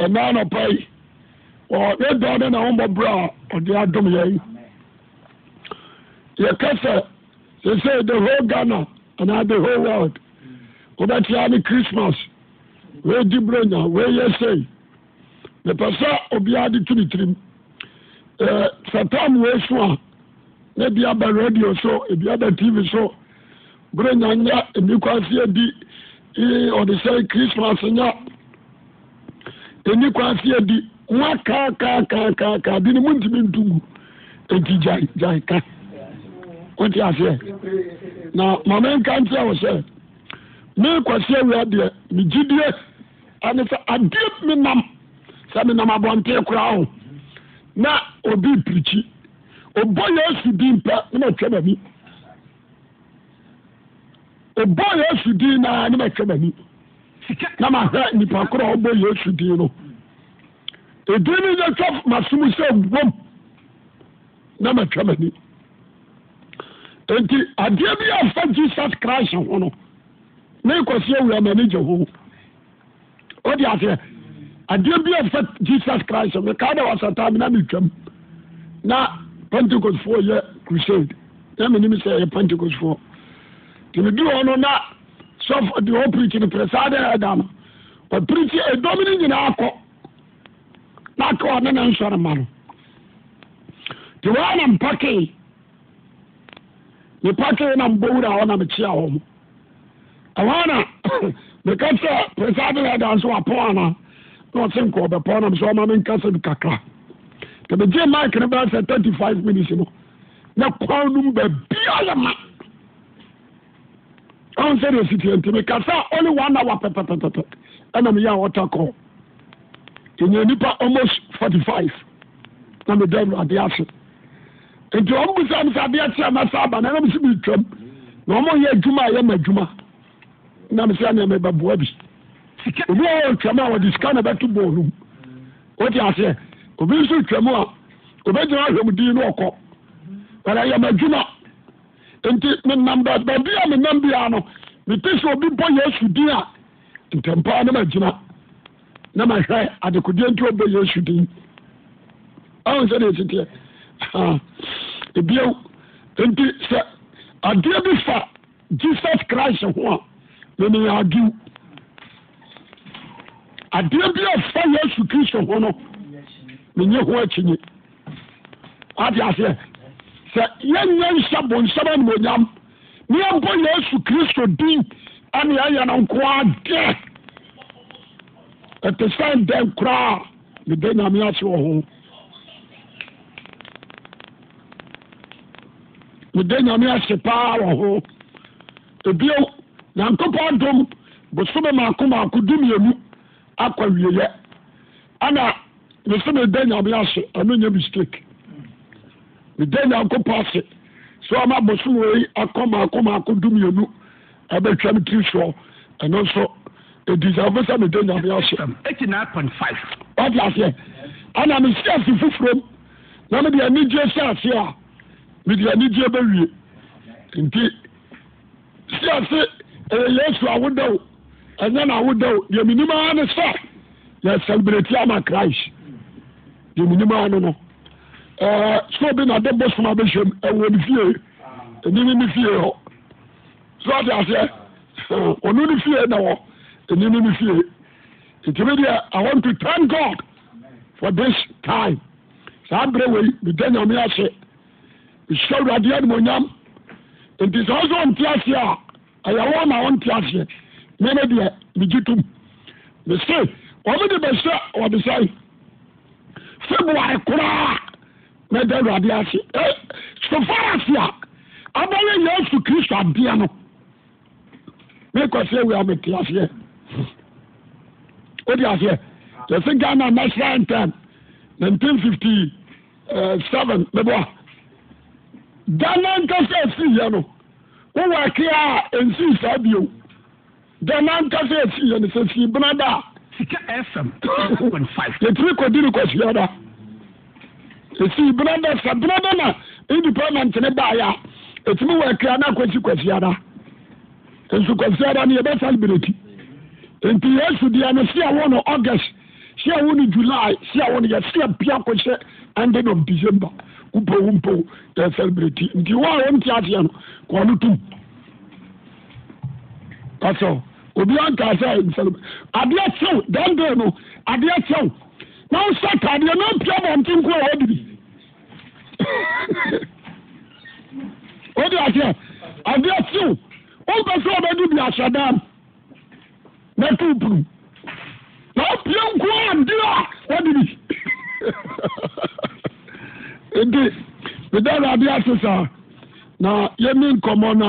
ɛna anɔpa yi ɔyɛ da ne na wɔmmɔbrɛ a ɔde adom yɛ yi yɛka sɛ yɛsɛ the whole ghana and the whole world wobɛtea ne christmas weedi bronya weeyɛ sei mepɛ sɛ obiara de to ne tirim uh, satam weeso a na bi aba radio so ebi aba tv so bronya nyɛ nnikwasi adi ɔde sɛ christmas nyɛ ɛni kɔ ase adi wa kaa kaa kaa kaa kaa bi ni mu ntumi ntumu eti gyae gyae ka wote aseɛ na maame nka nkyerɛ wo sɛ me awia deɛ me gyidie ɛne sɛ adeɛ nam sɛ na obi pirikyi ɔbɔ yesu din pɛ ne matwa m'ani ɔbɔ naa ne na ma hwɛ nipa korɔ a ɔbɔ yesu din no edin ni yɛ twɛ masom sɛ wom na ma twɛ m'ani nti adeɛ bi a fa jesus christ ho no ne kɔsi awura m'ani gye ho o de aseɛ adeɛ bi a fa jesus christ ho kaa da wasata mi na mi twam na pentecost foɔ yɛ crusade na mi nim sɛ ɛyɛ pentecost foɔ tèmi bi wɔn no na sɔfo deɛ ɔpirikyi no pirɛ saa deɛ ɛda no ɔpirikyi ɛdɔm no nyinaa kɔ na aka ɔne ne nsɔre ma no nti wɔa na mpakee mepakee na mbɔwura hɔ na mekyea hɔ mo ɛhɔ na meka kyerɛ pirɛ nso wapɔ anaa na ɔse nkɔ ɔbɛpɔ nam sɛ ɔma menka sɛ bi kakra nti megye mike no bɛɛ sɛ five minutes no na kwan nom baabia yɛ ma ɔn sɛ de osi tiɛ ntɛmɛ kasa only one hour pɛpɛpɛpɛ ɛna mi yɛ a ɔta kɔ ɛnyɛ nipa almost forty five na mi dɛ ɛwurade ase nti wɔn mu sɛ ɛmusa adeɛ kyerɛ ɛmɛ sɛ aba na ɛna mi si mi twɛm na wɔn yɛ adwuma a yɛ ma adwuma na mi sɛ ɛna ɛmɛ bɛ boa bi obi oh, a wɔn twɛm a wɔde sika na ɛbɛto bɔɔlu mu wɔte aseɛ obi nso twɛm a obi gyina ahwɛm din no ɔkɔ wɔde yɛ ma adwuma nti menam baabi a menam biara no mete sɛ obi bɔ yesu din a ntɛmpaa na magyina na mahwɛ adekodeɛ nti ɔbɔ yesu din ahu sɛ deɛ ɛteteɛ ebio nti sɛ adeɛ bi fa jesus christ ho a meneyɛ adew adeɛ bi a fa yesu kristo ho no menyɛ ho akyinye ade aseɛ sɛ yɛnyɛ nhyɛ bonsɛm Il ne yesu kristo din no nko a dɛ ɛte sɛn dɛn koraa meda nyame ase wɔ ho meda nyame ase paa wɔ ho ebio nyankopɔn dom meda nyankopɔn ase sɛ ɔma bosomei akɔmaakɔmaako dumienu ɛbɛtwa me tiri soɔ ɛno nso ɛdisafo sɛ meda nyame ase 89.5 wate aseɛ ana mesi ase foforom na mede anigye sɛ ase a mede anigye bɛwie nti si ase ɛyɛ yesu awodao ɛnyɛ no awodao deɛ menim ara ne sɛ yɛ celebrate ama christ deɛ menim ara no no sọ bi na de bosom abɛhyɛ mu ɛwɔ ne fie ɛnini ne fie hɔ so ɔte aseɛ ɔno ne fie na wɔ ɛnini ne fie ntumi deɛ i want to thank god for this time saa abere wei meda nyame ase mehyɛ awurade animonyam nti sɛ ɔsɛ ɔnte aseɛ a ɛyɛwɔ ma ɔnte aseɛ mene deɛ megye tom mese ɔmede bɛsɛ wɔde sɛe february koraa mɛda awurade ase so far as a abɛyɛ yesu kristo adeɛ no mekɔsɛ awie abɛte aseɛ wode aseɛ yɛsɛ ghana national time 1957 meboa ghana nkasa asiiɛ no wowɔ ɛke a ɛnsii saa bio ghana nkasa asiiɛ no sɛ sii benada a yɛtiri kɔdi no kɔsiada esi brada sɛ brada na independent ne baayɛ a ɛtumi wɔ akira na akwasi kwasiada nso kwasiada no yɛbɛ celebrate nti yesu deɛ no si awo no august si awo no july si awo no yɛsi apia kɔhyɛ ending of december wopɛ wopɛ yɛ celebrate nti wɔ a wɔnte aseɛ no kɔɔ no tum pasɛ obi anka sɛ nsɛlɛm adeɛ kyɛw dandan no adeɛ kyɛw na wosɛ taadeɛ na apia bɔnten ko a wɔdiri wọ́n di àṣẹ àbí ẹ̀sìn o wọ́n bẹ sọ ọbẹ̀ níbi àṣẹ dam bẹ́ẹ̀ tó buru náà pie nkú àǹdí à wọ́n di bi èdè bìdáàrà àbí àṣẹ sá na yẹmi nkọmọ na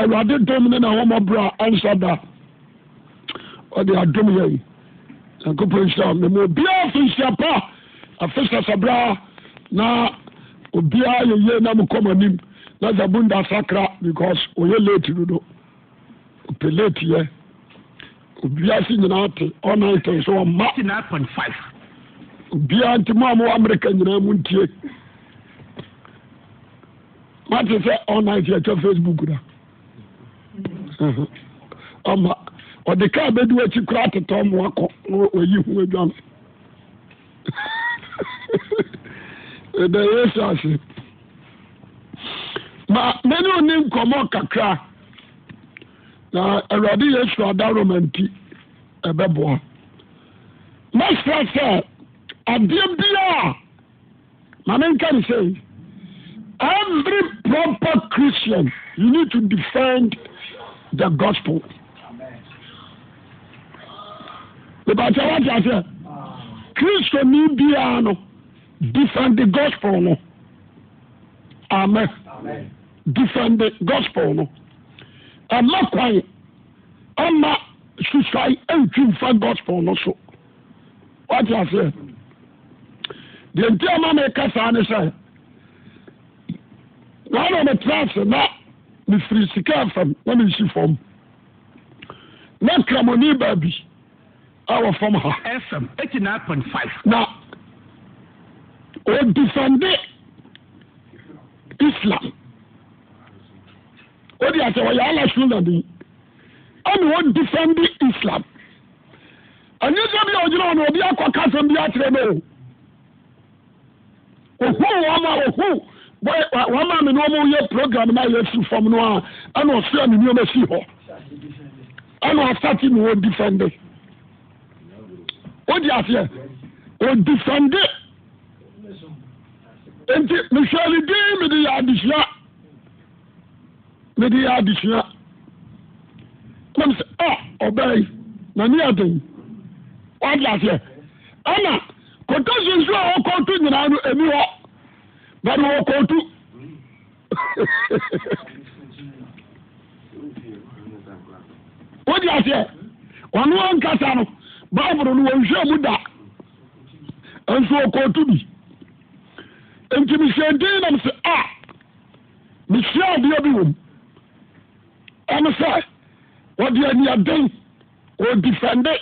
ẹ̀rọ adé dọ́mu ní mo ọmọbìnrin à ń sọ dà ọdẹ àdọ́mu yẹ yìí nyankó pẹ̀lú ìṣẹ́ ọ̀mẹ́mọ́ bíi àfihàn pa àfihàn sàbẹ̀rẹ̀. na obiara yɛye nam kɔm anim na zabunda sakra because ɔyɛ late no no ɔpɛ late yɛ obiara si nyinaa te ɔnan ten so ɔma obiara nti mu a mowɔ amerika nyinaa mu ntie mate sɛ ɔnan te ɛtwa facebook da ɔma ɔde kaa bɛdi wakyi koraa tetɔ mmoakɔ na hu ho adwane ɛda yesu ase ma mene ɔne nkɔmmɔ kakra na awurade yesu adaroma nti ɛbɛboa mɛsrɛ sɛ adeɛ biaa ma menka ne sɛ every proper christian you need to defend the gospel mebakyɛ wate aseɛ kristoni biaa no defend the gospel no amen, amen. defend the gospel no ɛma kwan ɛma susae ɛntwi mfa gospel no so wate aseɛ deɛ nti ama meka saa ne sɛ naana metena ase na mefiri sika fam na mensi fam na kramɔni baabi awɔ fam ha fm 89.5 na o defende islam o di ase wɔyɛ ala sunna bi ɛna e o defende islam ɛnyɛ e sɛ bi a ogyina hɔ no obi akɔ kasɛm bi akyerɛ no o ohu wɔn a ohu wɔn maa mi ni wɔn yɛ program na yɛ si fam no a ɛna e ɔsua mi nneɛma si hɔ ɛna ɔsati mi o defende o de ase o defende. nti mehwɛ din mede yɛ adesua mede yɛ adesua nam a ɔbɛi na aden wade ɛna kɔtɔ so a wɔkɔto nyinaa no ɛmi hɔ but wɔkɔto wode aseɛ ɔno ankasa no no wɔnhwɛ mu da ɛnso nti mehyɛ din nam sɛ a mehyia adeɛ bi wom ɛno sɛ wɔde aniaden wɔdifɛnde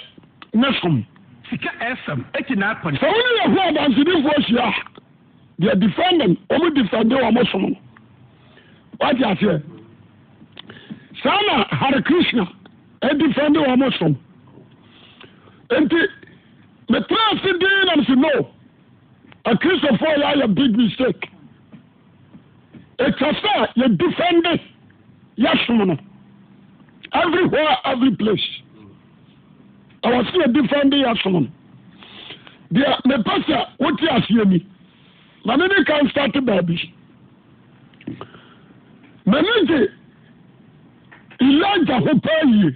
ne som sika ɛsɛm ɛti na akɔne sɛ wone yɛ ho adansedifoɔ hyia deɛ defendant ɔmo defende wɔ mo som no wate aseɛ saa na hare krishna ɛdefende wɔ mo som nti metrɛ din nam sɛ no A akristofoɔ yɛ ayɛ big mistake ɛtwa sɛ yɛdifɛnde yɛsom no everywhere every place ɛwɔ sɛ yɛdifɛnde yɛsom no deɛ mepɛ sɛ wote aseɛ ni ma me ne ka start baabi mane gye elija ho paa yie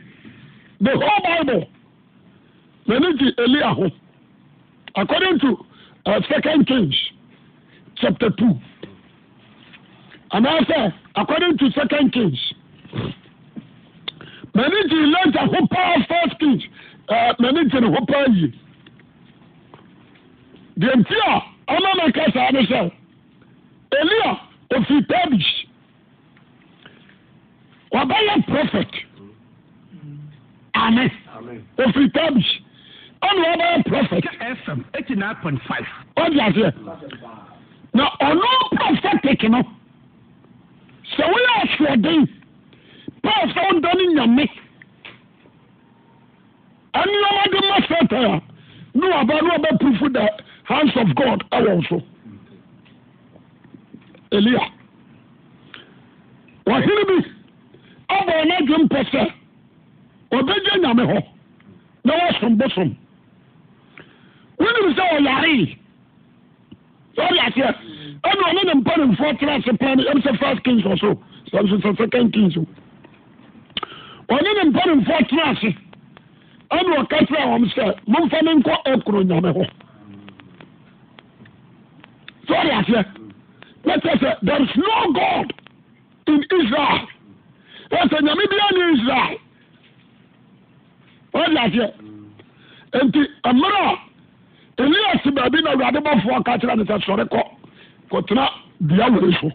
the whole bible mane gye elia ho according to second kings chapter two ana sɛ according to second kings mani geni lenta hopaa first kings manegene ho paa ye dempia amamekasane sɛ elia ofipabis wabayɛ prohet mm. ame ofipabis ɔne ɔbɛyɛ prophet. fm eighty nine point five. ɔdi aseɛ na ɔno prophetic no sɛ woyɛ ɔsoɔden paul sɛ wodɔne nyame ɛne ɔmade ma satan a ne waba ne wabɛpirifo the hands of god ɛwɔ so elia wɔhene bi ɔbɔ ɔno adwe mpɔ sɛ ɔbɛgya nyame hɔ na wɔsom bosom wonim sɛ ɔyaree sɔre aseɛ ɛna ɔne ne mpanimfoɔ tena ase paa no ɛm sɛ first kings ɔso sɛm so second kings o ɔne ne mpanimfoɔ tena ase ɛna ɔka kyerɛ wɔm sɛ momfa me nkɔ ɛkoro nyame hɔ sɔre aseɛ na kyerɛ sɛ there is no god in israel ɛsɛ nyame biara ne israel ɔde aseɛ nti mmerɛ a elias baabi na awurade bɔfoɔ ka kyerɛ ne sɛ sɔre kɔ kɔtena dua wei so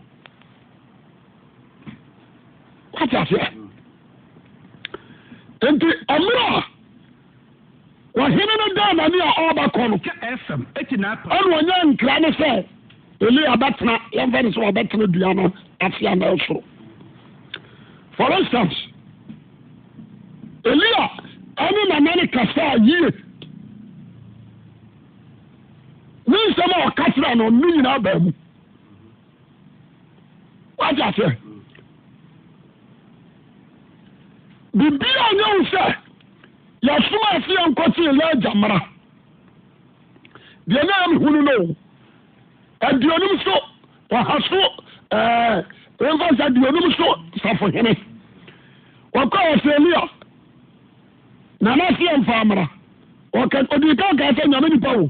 wate aseɛ nti ɔmerɛ a wɔhene no daa nane a ɔba kɔ no ɔne ɔnyɛ nkra ne sɛ elia bɛtena yɛmfa ne sɛ wɔbɛtena dua no ase anaa soro for instance elia ɛne nanane kasaa yie ne nsɛm a ɔka kyerɛ no ɔno nyinaa baa mu wagye aseɛ bibia nyɛ wo sɛ yɛsoma ase yɛnkɔtee lɛ agya mmara deɛ na amhunu no aduonum so ɔha so ɛmfa sɛ aduonum so safohene ɔkɔ ɔsɛlia nanase yɛmfa mmara ɔdii ka ɔkaa sɛ nyame nipa wo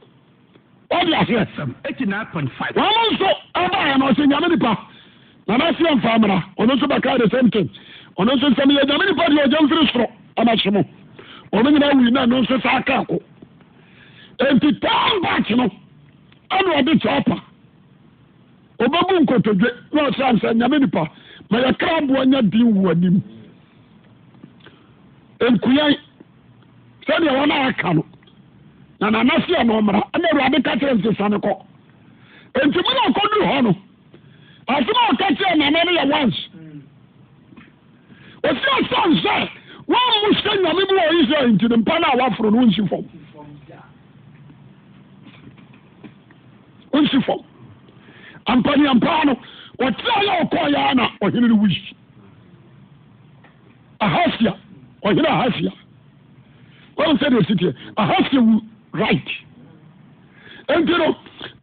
wọ́n aseɛ. eighty nine point nso ɛbá yẹn na ɔsè nyame nipa na bá fi ɛnfa amina nso bɛka the same thing ɔno nso nsɛm yɛ nyame nipa deɛ ɔgya nfiri soro ɛna hyɛ mu wɔn nyinaa wuyi na ɛno nso saa kaa ko nti tán back no ɛna ɔde kyɛ ɔpa ɔbɛbu nkotodwe na ɔsɛ nsɛ nyame nipa ma yɛ kra aboa nya din wu anim nkuyan sɛdeɛ wɔn a aka no. na nanase na awurade ka kyerɛ nte sane kɔ enti mo na ɔkɔduru hɔ no ɔsom a na kyerɛ ya no yɛ once ɔsi ɔsan sɛ wɔmmo hyɛ nyame bi wɔ israel nti ne mpa no a wɔaforo fọm wonsi fam wonsi fam ampaniampaa no wɔtea ọkọ ya na ɔhene no wuyi dị esi right nti no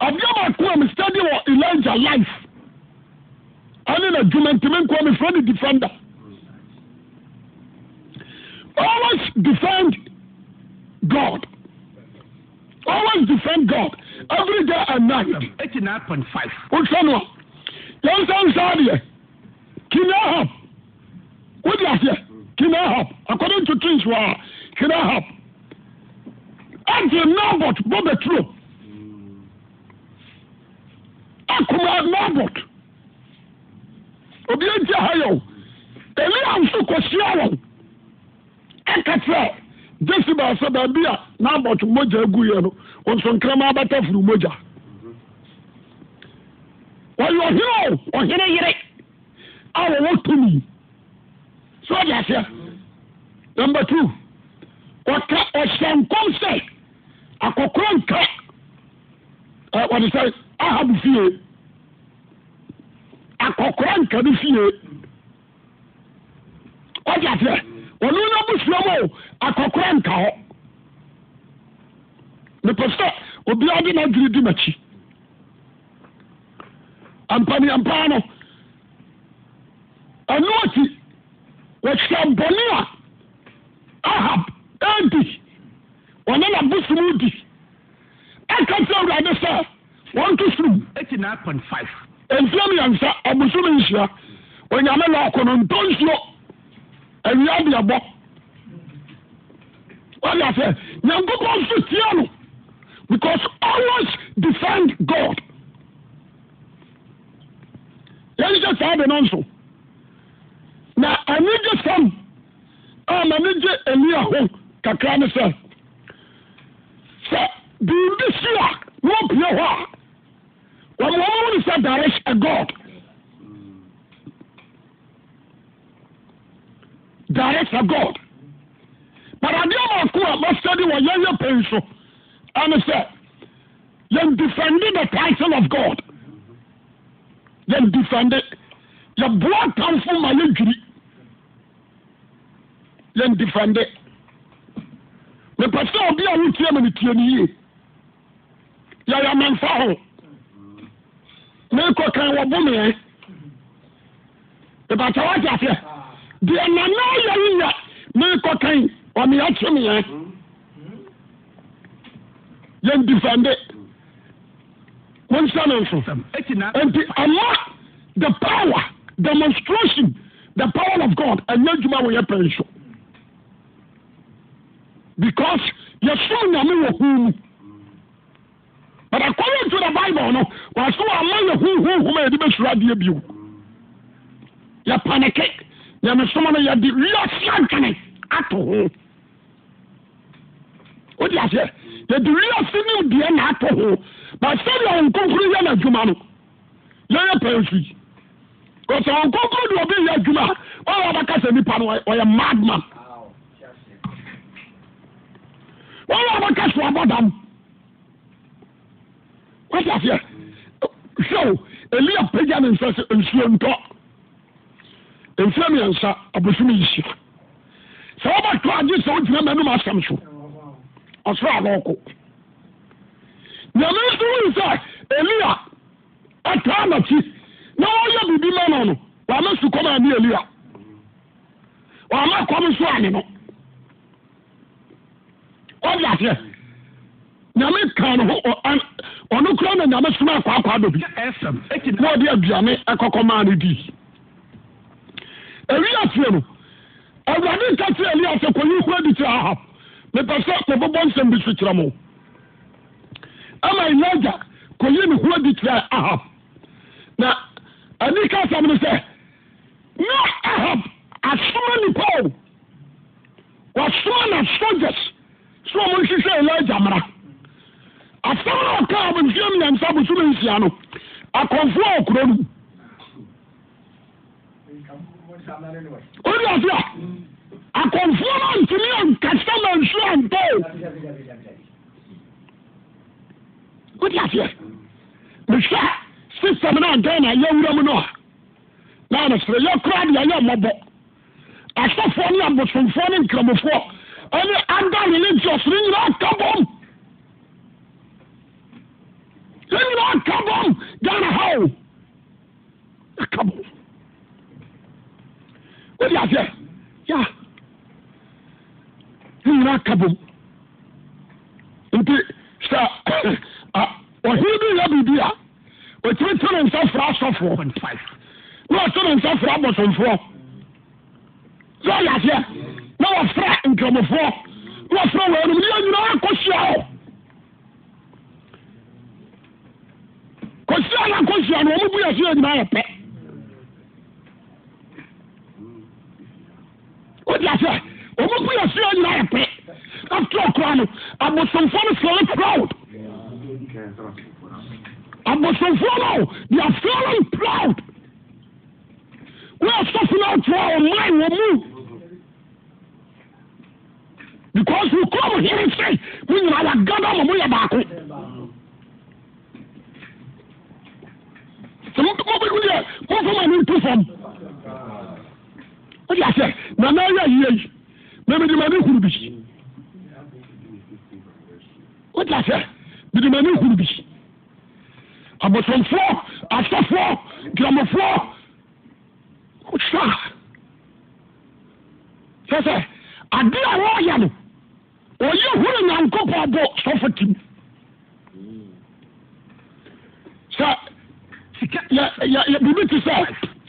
adeɛ baako a mestadi wɔ elija life ane na dwumantimi nkoa mefrɛ no defender always defend god always defend god every day and night. eighty nine point five. o sọ nù yẹn sọ nsọ adìyẹ kinahab o di aseɛ kinahab according to kings wa kinahab nti nabot bɔbɛturo akoma nabot obi nti ha yɛ o elia nso kɔsia wɔn ɛka kyerɛ baabi a nabot mogya agu yɛ no nso nkrama furu mogya wɔyɛ ɔhene o ɔhene yere a wɔwɔ tumi sɛ ɔde aseɛ number two ɔka ɔhyɛ nkɔm akɔkora nka wɔde sɛ ahab fie akɔkora nka no fie ɔde aseɛ ɔno no busua mu o akɔkora nka hɔ mepɛ sɛ obiara de n'adwene di m'akyi ampaneampaa no ɛno akyi wɔhyɛ bɔne a ahab ɛnti ɔne na bosom di ɛka kyerɛ awurade sɛ wɔnto sorom mfiam yɛnsa ɔbosom nhyira onyame na ɔko no ntɔ nsuo awia de ɛbɔ ɔyɛ sɛ nyankopɔn so tia no because always defend god yɛnhyɛ saa de no nso na anigye sam a ma ne gye ani aho kakra ne sɛ sɛ biribi si a wɔpue hɔ a wɔn wɔn wɔn sɛ direct a god direct a god paradeɛ baako a wɔsɛde wɔ yɛyɛ pɛn so ɛne sɛ yɛn defende the title of god yɛn defende yɛboa atamfo ma yɛdwiri yɛn defende mepɛ sɛ obi a wotie me ne tie ne yie yɛyɛ mamfa ho meekɔ kan wɔbo meɛ mepata woate aseɛ deɛ nana yɛ woyɛ meekɔ kan ɔmeɛ kye meɛ yɛndifɛnde wonsane nso nti ama the power demonstration the power of god ɛnyɛ adwuma wɔyɛ pɛ nso because yɛsoro nyame wɔ hu mu but according to the bible no wɔasɛ wɔama yɛ huhuhum a yɛde bɛsuro adeɛ bio yɛpaneke nyamesoma no yɛde wiase adwene ato ho wode aseɛ yɛde wiase ne deɛ na ato ho but sɛdeɛ wo nkonkoro yɛ no adwuma no yɛyɛ pɛn so yi ɔsɛ wo nkonkoro deɛ ɔbɛyɛ adwuma a ɔyɛ wɔbɛka sɛ nnipa no ɔyɛ madman wọn yà wọn kẹsùn abọdàm wọn ti àfihàn sẹwọ eliya pẹja ne nsa sẹ nsuo ntọ nfura mmiɛnsa abosom yi hyia sɛ wɔbɛto agye sɛ wogyina m'anom asɛm so ɔsoro alɔɔko nyame nso wonu sɛ elia ataa n'akyi na wɔyɛ biribi ma no no wɔama sukɔm ani elia wɔama kɔm so ane no ɔdeaseɛ nyame ka ho ɔno na nyame soma akwaakwa dɔ bi aduane ɛkɔkɔmaa no dii elia fie no awurade nka kyerɛ elia sɛ kɔyi ho adi kyerɛ ahab mepɛ sɛ mebobɔ nsɛm bi so kyerɛ ama elija kɔyi ne ho adi na ani ka no na ahab asoma nipa o wasoma na soldiers sɛ ɔmo nhyehyɛ elija mmara asɛm a ɔka abosua mmiɛnsa bosome nsia no akɔmfoɔ wɔ kuro no wode ase a akɔmfoɔ no antumi ankasa ma nsuo antɔ o wode aseɛ mehwɛ system no agana yɛwura mu no a na ne serɛ yɛkora deɛ yɛ mmɔbɔ asɔfoɔ ne abosomfoɔ ne ɛne ada religious ne nyinaa ka bɔm ne nyinaa ka bɔm ghana ha o aka bɔm wode aseɛ ya ne nyinaa ka bɔm nti sɛ ɔhene bi yɛ biribi a ɔtumi tene nsa fra asɔfoɔ na ɔtene nsa fra abɔsomfoɔ nkurɔmofoɔ wɔfrɛ wɔ anom yɛ nyinaa akɔhyia hɔ kɔsia no akɔhyia no wɔmobu yɛ so yɛ yɛ pɛ wogya sɛ wɔmobu yɛ so yɛ yɛ pɛ after ɔkora no abosomfoɔ no fɛle proud abosomfoɔ no they are feeling proud wọ́n yà sọ́fún náà tó a wọ́n mọ́ ẹ̀ because we come here and say, we know our God, I'm going to wọ́n yà sẹ́ nana ayé ayé yìí mẹ́mi di ma ní huru bi wọ́n yà sẹ́ mi di ma ní huru bi abosomfo asafo giramofo ọ̀ṣà sẹ́sẹ́ adé àwọn ọ̀yà no ɔyɛ hunu nyankopɔn bɔ sɔfo tim sɛ biribi te sɛ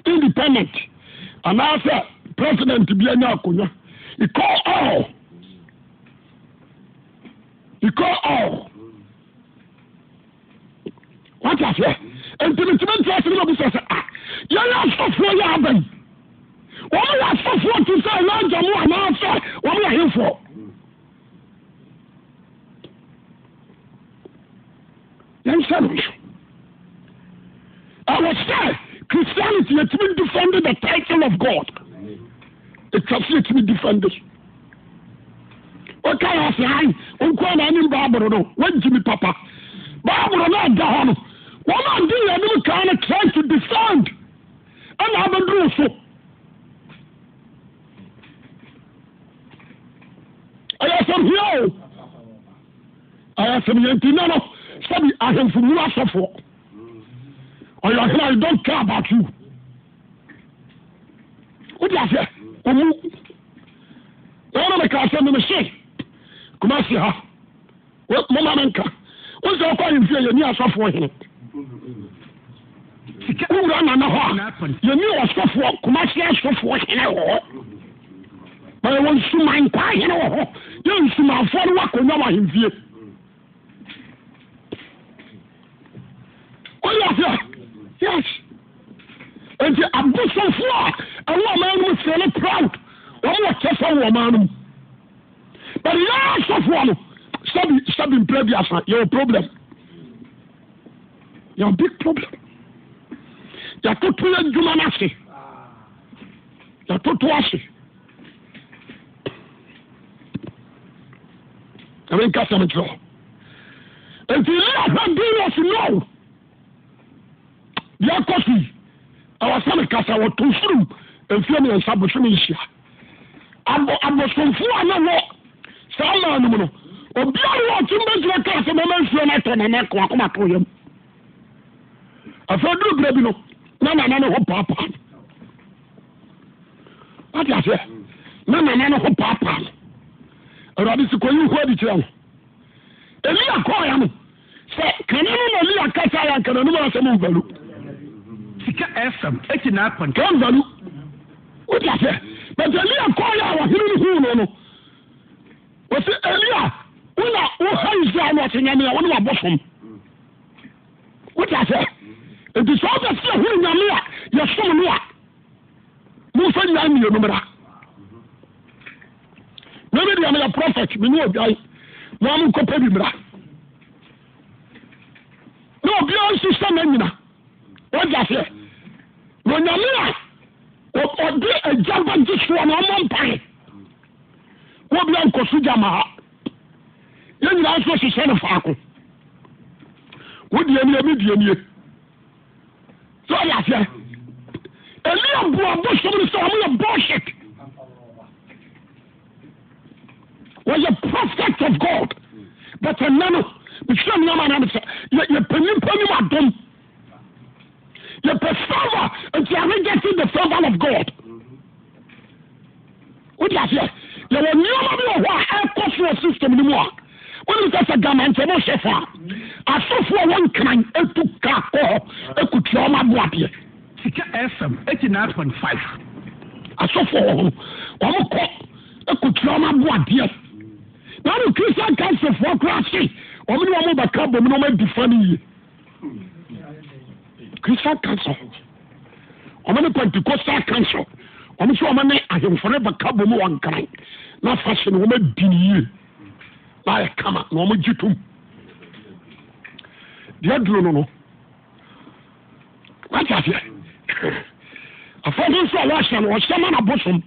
independent anaasɛ president bi anya akonnwa e call all e call all wata aseɛ ntumitumi nti ase na ɔbisa sɛ ah yɛn asɔfoɔ yɛ abɛn wɔn yɛ asɔfoɔ te sɛ ɛyɛ agyamu anaasɛ wɔn yɛ ahefoɔ. nsɛmhwɛ ɛwɔ sɛ christianity yɛtumi defend the title of god It has been defend woka yɛ sɛ ai wonkɔa na anim baaboro no woagyimi papa baaboro no ɛda What no wɔn doing? I'm kaa no try to defend And I've ɛna abɛduru so ɛyɛ sɛm hia o ɛyɛ sɛm yɛnti na no sẹbi ahemfo mu asọfo ọyọ ọhìn i don't care about you ó di àfẹ ọmú wọn nana kà sẹ mímí sẹ kùmásì ha mo máa nka ó sọ ọkọ ahemfo yẹ ní asọfo ọhìn wúwúrọ nana hɔ a yẹ ní ọsọfo kùmásì asọfo ọhìn wọ báyọ̀ wọn sùnmà nkwa ahìn wọ hɔ yẹ nsùnmà ni wà kò nyọ́ wà ahemfo yẹ. sofoɔ a ɛwoɔmaa nom serɛno proud ɔmɛwɔkɛ sɛ woɔmaa no mu but nasɔfoɔ no sabimprabiasa yɛwɔ problem yɛɔ big problem yɛtoto yɛadwuma no ase yɛtoto ase ɛekasɛm kyerɛɔ ntinnabins no aɔso ɔwɔsɛne kasa wɔto mfurum mfie ne nsa bosome nhyia abosomfoɔ a ne wɔ saa maa no mu no obiara wɔ ɔtem bɛgyina kaa sɛ mɛma nsuo no atɔ nana ko akoma to yam afei duru berɛ bi no na nana ne ho paapaa no wate aseɛ na nana ne ho paapaa no awurade sɛ kɔyi ho adi kyerɛ ho elia kɔɔya no sɛ kane no na lia kasa yɛ nkananom asɛm mvalu sika fm eti nine point one value wọ́n ti àṣẹ bẹ̀tẹ̀ eliya kọ́ ya wà hínú ní hùwù nínú wọ́n ti eliya wúlà wọ́n hẹ́ israel wọ́n ti nyàmé wọ́n ni wà bọ́ sọ́mu wọ́n ti àṣẹ ètò sọ́ọ́ bẹ̀ sí ẹ̀hún nyàmé a yẹ sọ́mu ní a mo fẹ́ nyà mìíràn mìíràn mẹ́rin ni àmì yà prophet mi ní òbí ayé wọ́n mú nkọ́ pẹ́bí mìíràn ní òbí ayé sísẹ́ mẹ́ nyina wọ́n ti àṣẹ na onyame a ɔde agya ba gye soɔ na ɔmɔ mpae wɔbia nkɔso gya ma ha yɛn nyinaa nso hyehyɛ no faako wodie nie me die nie sɛ ɔyɛ aseɛ ɛlia boa bosom no sɛ ɔmoyɛ bullshit wɔyɛ prophet of god but ɛnɛ no mesɛ nneɔma na mesɛ yɛpɛ nimpa nim adom yɛpɛ favor nti are getting the favor of god What wode aseɛ yɛwɔ nneɔma bi wɔ hɔ a ɛkɔ soɔ system no mu a wọ́n ti sẹ́ gama for one ṣe it took wọn kàn etu kakọ́ ekutu ọmọ abu adìẹ. sika fm eighty nine point five. asọ́fọ́ wọn wọn kọ́ ekutu ọmọ abu adìẹ. náà ní christian council fún ọkùnrin àṣẹ wọn ni wọn bá ká bọ̀ mi ni wọn bá di fani yìí christian council ɔmo ne pentecostal council ɔmo nso ɔmo ne ahemfo ne baka bɔ mu wɔn nkran na fashion wɔn adi ne yie na ayɛ kama na ɔmo gye tom deɛ duro no no wagye aseɛ afɔdun nso a wɔahyɛ no wɔhyɛ ma na bosom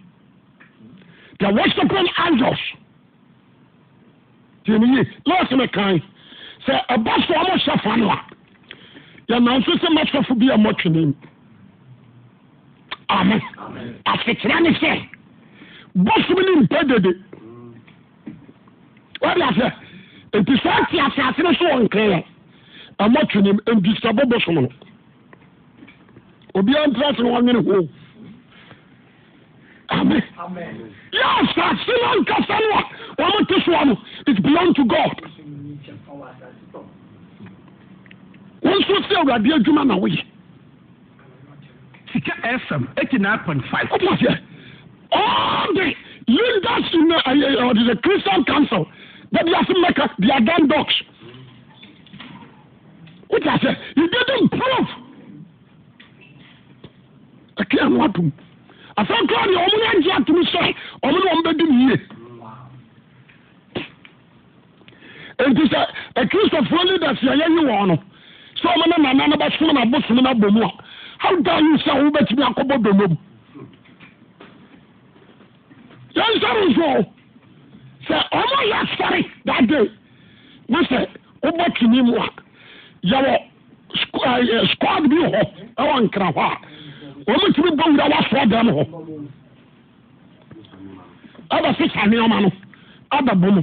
they are worshiping angels deɛ ne yie lɔɔsi ne kan sɛ ɛba so ɔmo hyɛ fa no a yɛnanso sɛ masɔfo bi a mɔtwene mu ame asekyerɛ ne sɛ bɔsom ne mpa dede wode asɛ nti saa te asase no so wɔ nkrɛɛ ɛmɔtwene mu ɛntisabɔ bɔsom no obiara mpra se no wɔnwene hoo ame Amen. asase no ankasa no a wɔmote soa no it belong to god wọn nso sẹ awurade adwuma na woyɛ. sika fm eighty nine point five. o tuma fiyɛ all the leaders in the, uh, uh, the christian council that they are still make they are damn dogs. o tuma fiyɛ you didn't prove. ɛkè àwọn atum afɛnkura ni ɔmo yɛn jẹ atum sɛ ɔmo ni ɔmo bɛ di mu yie. nti sɛ ɛkiristofoɔ leaders yɛ yɛ yi wɔn no sɛ ɔmo ne nana no bɛsom no abosom no abɔ mu a how dare you sɛ wobɛtumi akɔbɔ donom yɛnsɛre nso sɛ ɔmo yɛ asɔre that day na sɛ wobɔ tumi mu a yɛwɔ squad bi hɔ ɛwɔ nkra hɔ a ɔmo tumi bɔ wura wɔafoɔ dɛm hɔ ɛbɛ sesa nneɔma no ɛbɛbɔ mu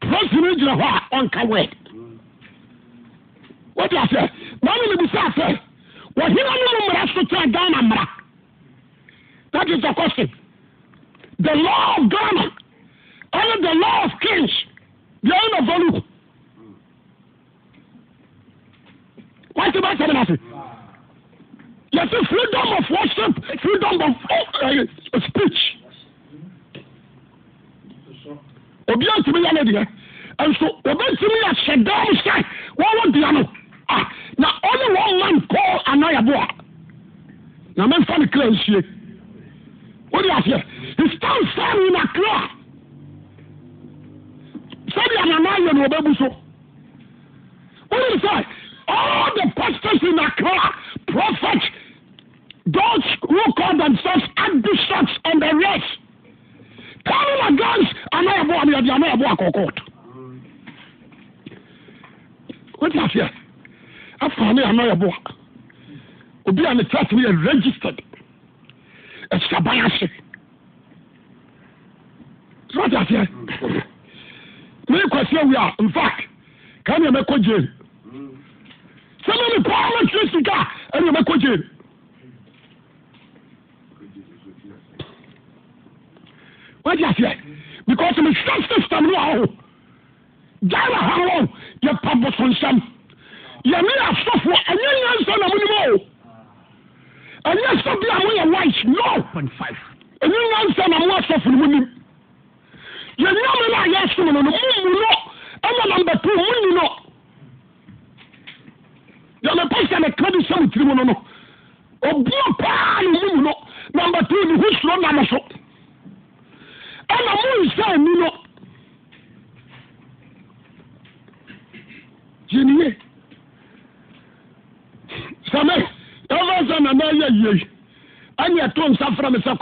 prɛsi no gyina hɔ a ɔnka word wọ́n ti àṣẹ báwo ni ibùsọ̀ àṣẹ wọ́n hin ọ́nà mu mìíràn so kyerẹ́ Ghana mìíràn that is the question the law of Ghana only the law of kings the end of volume wọ́n ti bá sẹ́mi náà sí yẹ ti freedom of worship freedom of uh, uh speech obi a ntumi yá lẹ́dìẹ́ eh? nso obi ntumi yá hyẹ dáhùn sẹ́ wọ́n wọ́n di ano a na ɔne wɔn man kɔɔ anayabo a na mɛmfa ne kra nsie wode aseɛ stan sane na kra sɛdeɛ nanayɛ no wɔbɛbu so wode sɛ all the pastors in Accra, prophets, those who call themselves bishops and the rest, coming against another boy, another boy, court. What is here? afaame ana yɛ boa obi a ne church no yɛ registered ɛsaban ase sọtì aseɛ mi kwasi ewu a nfact kàn yɛ mɛkɔ jail sɛmi ni paul ɛtiri sika ɛni yɛ mɛkɔ jail wọ́n ti aseɛ because mi sọ system ni wà hó jail ahọ́n yɛ pa bọ̀sọ̀ yɛne yɛ asɔfoɔ ɛnyɛ nyansa na monim o ɛnyɛ sɛ bia moyɛ wise no Point five. nyansa you mo asɔfo no monim yɛnyame no a yɛsom no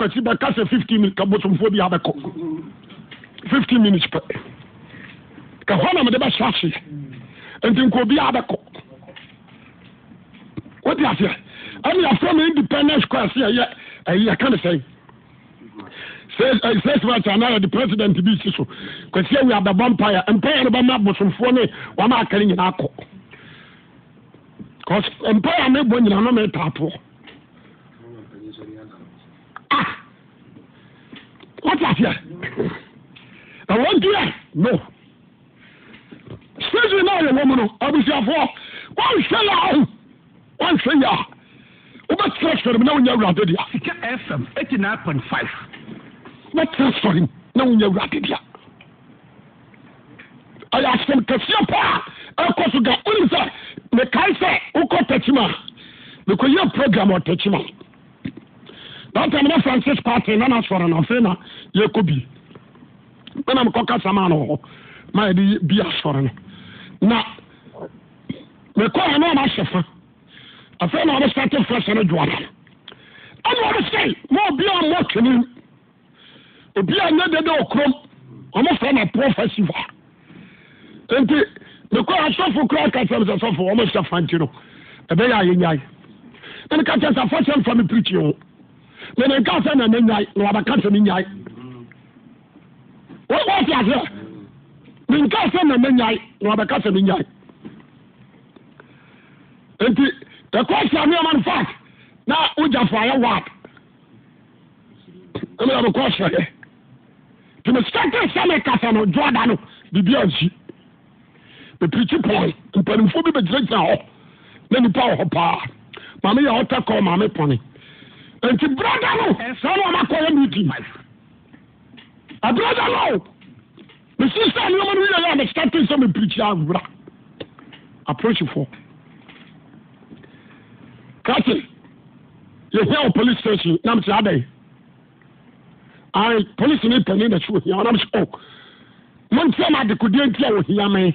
akyi bɛka sɛ fifteen minutes kabosomfoɔ bi abɛkɔ fifteen minutes pɛ ka hɔ na mede bɛhyɛ aseɛ nti nka obi abɛkɔ wote aseɛ ɛne yɛfrɛ me independence course ɛyɛ yɛka ne sɛn sɛs eh, match anaa yɛde president bi si so kwasi awi abɛbɔ mpayɛ mpayɛ no bɛma abosomfoɔ ne wama akare nyinaa kɔ cause mpayɛ a mebɔ nyina no metaatoɔ asɔre mu na wonya awurade dea sika fm eighty nine point five na tena asɔre mu na wonya awurade dea ɛyɛ asɛm kɛseɛ paa ɛkɔ so ga wonim sɛ mekae sɛ wokɔ takyim a mekɔyɛ program ɔtakyim a dɔnta mena francis party na nasɔre no afei na yɛkɔ bi mena mekɔka sama no hɔ ma yɛde bi asɔre no na mekɔɛ no ɔmahyɛ fa afei na ɔde sate fɛsɛ no dwoana dɛ okurom ɔmo fɛ na prɔfɛsi hɔ nti bikɔ asɔfo kura kasa mi sɔfo ɔmo hyɛ fanti no ɛbɛyɛ ayenyaye ɛni kasa sa fɔ sɛn fami pirikyi o mɛni nkasa na ne nyaye na waba kasa mi nyaye wɔn wɔn ti ase mi nkasa na ne nyaye na waba kasa mi nyaye nti ɛkɔ sa mi ɔmo fact na ɔgya fɔ ayɛ waad ɛmi na ɔmo kɔ sɔ yɛ nti mesikɛte sɛ mekasa no dwoada no biribia nsi mepirikyi pɔe mpanimfoɔ bi bɛgyinagyina hɔ na nipa wɔ hɔ paa maame yɛ ɔtɛ kɔɔ maame pɔne nti brada no saa na ɔmakɔyɛ meeting abrada no me sista nneɛma no yɛ yɛ mesikɛte sɛ mepirikyi awura aprosifoɔ kate yɛhia wɔ police station na mete adɛn ayi polisi ni pɛni na so ohia ɔnam so ɔ mo n tiɛ ma adekodie nti a ohia mi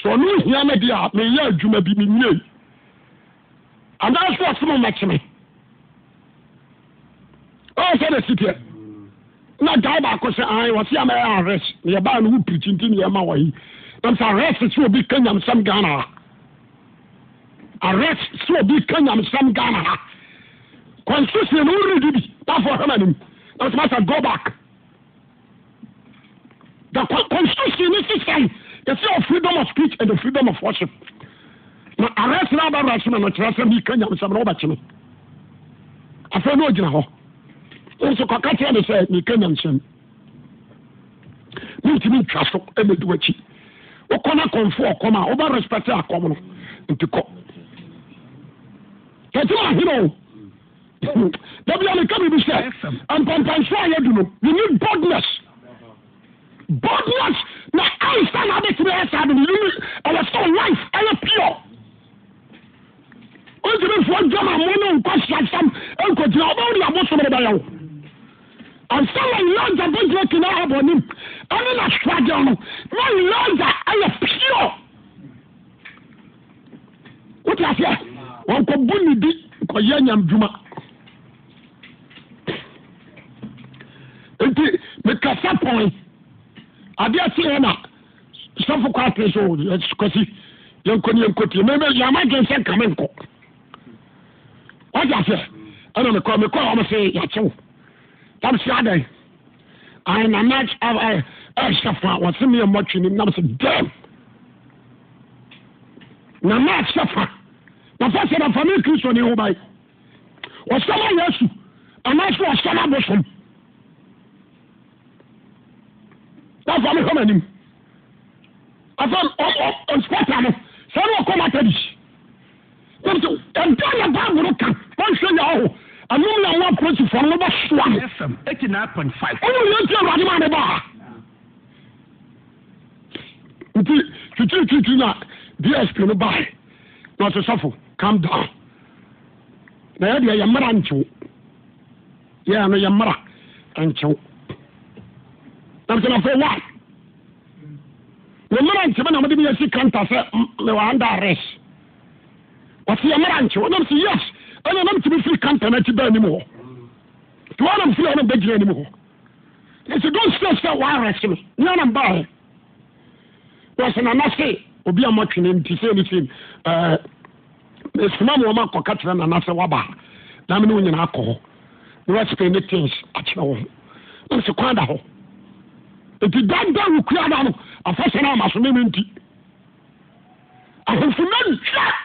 so ɔno ohia mi di a mi yɛ adwuma bi mi nye adaasi ɔsom mɛkyerɛ ɔyɛ sɛ na sitiɛ na gaa baako sɛ ayi wɔsi ama yɛ arɛs na yɛ baa no wo pirikyi nti na yɛ ma wɔ yi na sɛ arɛs sɛ obi ka nyamsɛm Ghana ha arɛs sɛ obi ka nyamsɛm Ghana That's why I go back. The constitution is the same. It's your freedom of speech and the freedom of worship. Now arrest now na aba arrest na n'ọkyerɛ sɛ mi kanya nsɛm na ɔbɛkye no afei say ogyina hɔ nso kɔka kyerɛ no sɛ mi kanya nsɛm mi ntumi ntwa so ɛmɛdu akyi wokɔ na kɔnfo ɔkɔm a wobɛ respect akɔm no nti kɔ tɛtɛ ahene o dabi ami ka mi bi sɛ mpampanso a yɛ dunu we need boldness boldness na ansa na abɛtumi ayɛ saa dunu you need our soul life ɛyɛ pure ntimifoɔ dwam a mo ne nkɔ siasam nkɔgyina ɔbɛwo ne abosom no bɛyɛ wo ansa na lɔgya bɛgyina kina abɔnim ɛne na soadeɛ no na lɔgya ɛyɛ pure wote aseɛ wɔnkɔbu ne di nkɔyɛ nyam dwuma nti mekasa pɔn adeɛ ase hɔ na sɔfo kɔ apere so kɔsi yɛnkɔ ne yɛnkɔ tie mɛmɛ yɛama dwen sɛ nkame nkɔ wagya sɛ ɛna mekɔ mekɔ ɔmo se yɛakyew tam se adɛn ayi na na ɛhyɛ fa wɔse meyɛ mmɔtwe ne nam sɛ dɛm na na ɛhyɛ fa na fa sɛ na fa me kristo ne ho bae wɔsɛm a yɛasu anaasɛ wɔsɛm abosom afa mi hɔn anim afa ɔspɔta no sɛ ɔno ɔkɔ mata bi nti ɛda na baabolo ka wɔnhwɛ nya ɔho anum na wɔn apolisifoɔ no wɔbɛsoa no ɔmo yɛ nti awurade maa ne baa nti twitwiritwitwi na dsp no bae na ɔte sɔfo calm down na yɛ deɛ yɛ mmara nkyew yɛ ano yɛ mmara nkyew tẹmsẹmẹfọ wa wọ mmerɛ nkyɛn na wɔde bi yɛsi kanta sɛ mɛwɔ anda arɛs wɔsi yɛ mmerɛ nkyɛn wɔnam si yɛs ɛna nam tɛmɛ firi kanta n'akyi bɛɛ nimu hɔ tiwa nam firi ɛna bɛgyina anim hɔ ɛsɛ don sɛ sɛ wɔ arɛs mi nyɛ nam baa yɛ wɔsi na nase obi a mɔtwi ne nti sɛ ne sɛ ɛɛ esuma mu wɔn akɔ kakyina na nase waba naam ne wɔn nyinaa akɔ hɔ ne wɔsi pɛ ne tins akyerɛ wɔn wɔsi kwan da hɔ eti dada wo kura da no afɛsɛ no amasome no nti ahofo no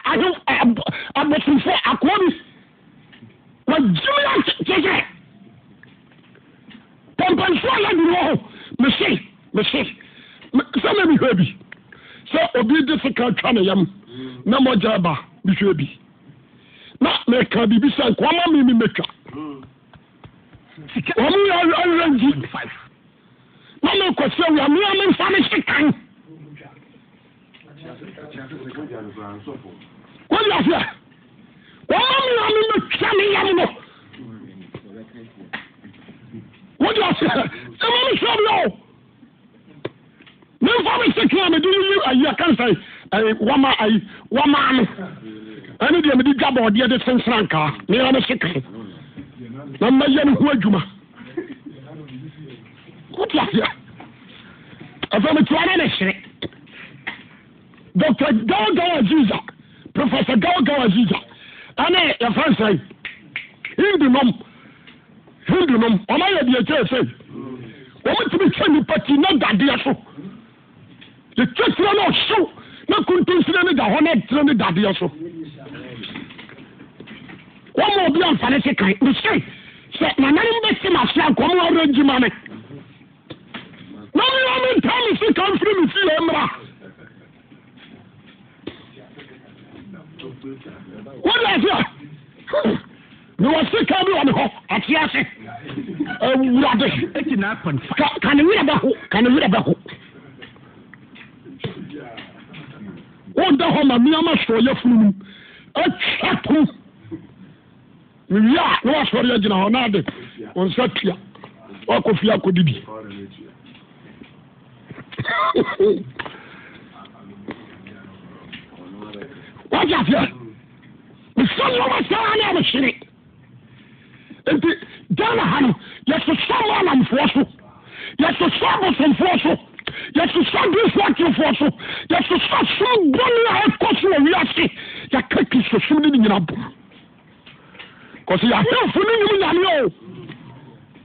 ahe eh, abɔsomfo akoa bi wagyimi no kyekyɛ pɔmpɔnfo hɔ mese mese sɛ na mehwɛ bi sɛ obi de sika twa ne yam na mɔgya ba mehwɛ bi na meka biribi sɛ nkɔma me me mɛtwa hmm. ɔmo yɛ ɔwerɛ nti wọn mi kò sí ewia mi ọmọ nfa mi sí kan. wọ́n yà fún ẹ wọ́n mọ mi ọmọ mi tíya mi yá mi lọ. wọ́n yà fún ẹ ẹ mọ mi sọ mi o mi nfa mi sí kan mi di yí ayi akansa yi ayi wọ́n ma ayi wọ́n ma mi ẹni diẹ mi di jábọ̀ ọ̀dí ẹ̀ di sẹ́nsẹ́n nǹkan mi yà mi sí kan na mma yẹ mi hu adwuma wote aseɛ ɛfɛmetua no ne hyere dr gawgaw aziza professor gawgaw aziza ɛne yɛfa nsɛn hindunom hindunom ɔma yɛ deɛ kyɛɛ sɛ wɔmotumi kyɛ nnipa ti na dadeɛ so yɛtwa sira no ɔhyew na kuntonsire no da hɔ na ɛtere no dadeɛ so wɔma obi amfa ne se kan se sɛ nananom bɛsim asoa nkɔm awerɛ gyima me ɔyɛ ne nta ne sika mfiri ne fie mmra wode aseɛ mewɔ sika bi wɔ me hɔ ate ase awurade ka ne werɛ bɛho ka ne werɛ bɛho woda hɔ ma meama soɔyɛ funum atwa tom mewie a na wasɔre agyina hɔ na ade wo nsa tua wakɔfie akɔdidi wagye aseɛ mesɛmɔma saa ne mehyere nti ghana ha no yɛsesa ma anamfoɔ so yɛsesa bosomfoɔ so yɛsesa difoɔ akyerfoɔ so yɛsesa som bɔne a ɛkɔ so wɔ wiase yɛka kristosom ne ne nyina bom kɔsɛ yɛahemfo no nwum nyame o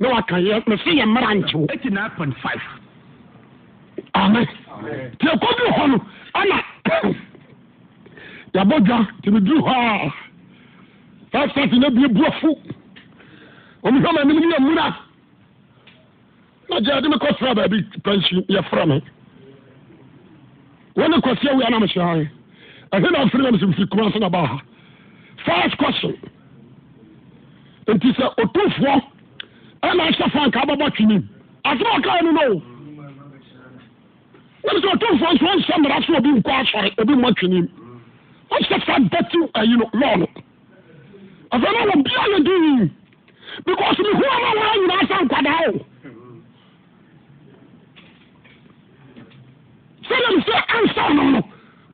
na waka yɛ mefi yɛ mmara nkyew amen nti ɛkɔduru hɔ no ana yɛbɔ dwa nti meduru hɔ a five thirty na bie bu afu ɔmehwɛ ma menim yɛ mmura na gya de mekɔ sra baabi pansi yɛfrɛ me wɔne kɔseɛ wei anam hyɛ hae ɛhe na mfiri na mesemfiri kuma so na ha first question nti sɛ ɔtomfoɔ ɛna na ahyɛ frankaa bɛbɔ twene mu asɛm ɔkaa no no o wɔn sɛ ɔtomfo nso ɔnhyɛ mmara so obi nkɔ asɔre obi mmɔ twene mu ɔhyɛ saa dɛti ayi no lɔɔlo afei na wɔ bia yɛ dii because mehu ama wɔn nyinaa sɛ nkwadaa o sɛdeɛ sɛ ansa no no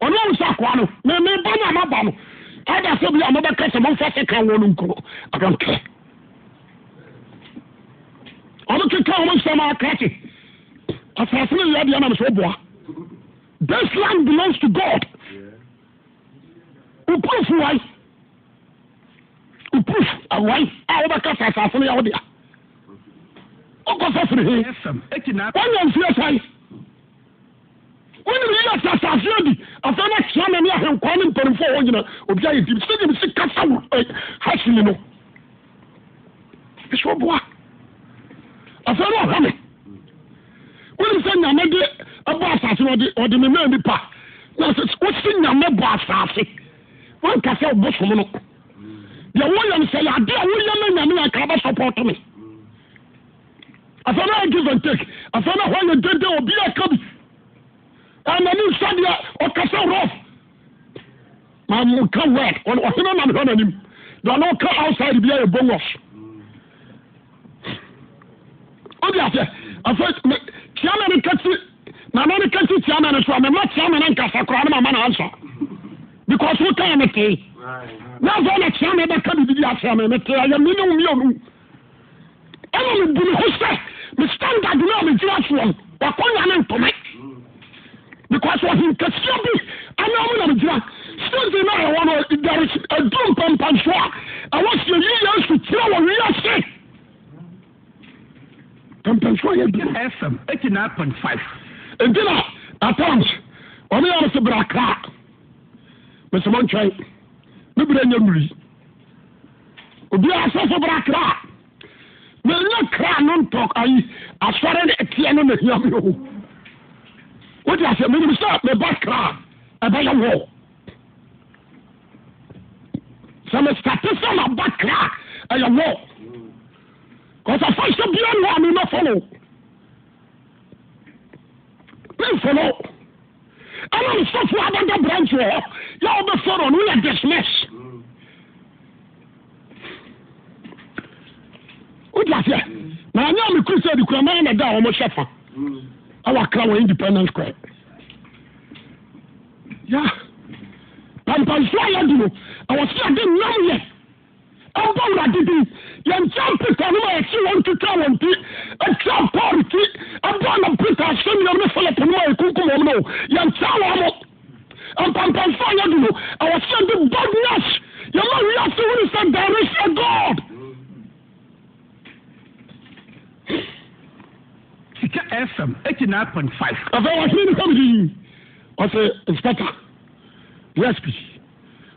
ɔno ansa akoa no na meba no amaba no ɛda sɛ bia mobɛka sɛ momfa sɛ ka wɔ no nkuro I ɔmo keka ɔmo nsɛm akrakye asase no yɛ deɛ nam sɛ ɔboa this land belongs to god oproof wai oproof awai a wobɛka sɛ asase no yɛ wo dea wokɔ sɛ firi hee woanya mfie sae wone meyɛ sɛ asase adi afa no kyea na ne ahenkwaa ne mpanimfoɔ hɔ nyina obi ayɛ dim sɛdeɛ mesi kasa wo eh, hasili no ɛsɛ ɔboa ɛfɛ no ɔhɔ me wone sɛ nyame de ɛbɔ asase no ɔde me maa nipa wose nyame bɔ asase wanka sɛ wobosom no deɛ woyɛ no sɛ yɛade a woyɛ no nyame a ka bɛsɔpɔto me afɛ no ɛ give and take afɛ no hɔ yɛ dede obi a ka bi ɛnani nsadeɛ ɔkasa rof ma mo ka word ɔhene nam hɔ n'anim deɛ ɔno ɔka outside bia yɛ bongos wode aseɛ afei tiama no kasi mama no kasi tiama no so a mema tiama no nkasa koraa ne mama no ansa because wo kaa me tee na afei na tiama bɛka biribi aseɛ me me tee ayɛ mene wo mia nu ɛna mebu ho sɛ me standard no a megyina soɔ no wakɔnya no ntome because ɔhenkasiɛ bi ana ɔmo na megyina sèche náà ẹ̀wọ̀n náà ìdarí ẹ̀dùn pàmpàṣọ́ àwọn sì yíyẹ ẹ̀sùn tí wọ́n wíyẹ sí mpɛnsuo yɛ duro. fm eighty nine point five. nti na at times ɔno yɛrɛ sɛ bere akra mesoma ntwɛn ne bere nyɛ mmiri obi a asɛ sɛ bere akra na ɛnyɛ kra no ntɔ ayi asɔre ne ɛteɛ no na hia me ho wodi asɛ menim sɛ meba kra ɛbɛyɛ wɔ sɛ mestate sɛ maba kra ɛyɛ wɔ Because I first of beyond what I may not follow. Please follow. I want to stop for another branch here. You are the forum, we are dismissed. Would you say? Now I know me could say the Kraman and the Homo Shefa. Our Kraw Independence Square. Yeah. Pampansuwa yɛ duro, awɔ si adi nnam yɛ, ɔbɔ wura didi, yɛnkyɛn peter no ma yɛkyi wɔn twitwa wɔn ti atwa paul ti ɛbɔ na peter ahyɛnmiam ne philip no ma yɛkunkum wɔn no yɛnkyɛn wɔn mo mpampamfo a yɛdu no ɛwɔ sɛ de bad news yɛma wiase wo ne sɛ there is a god sika fm eighty nine point five. ọ̀fẹ́ wọ́n ṣe ní sọ́mi yìí wọ́n ṣe inspector wsp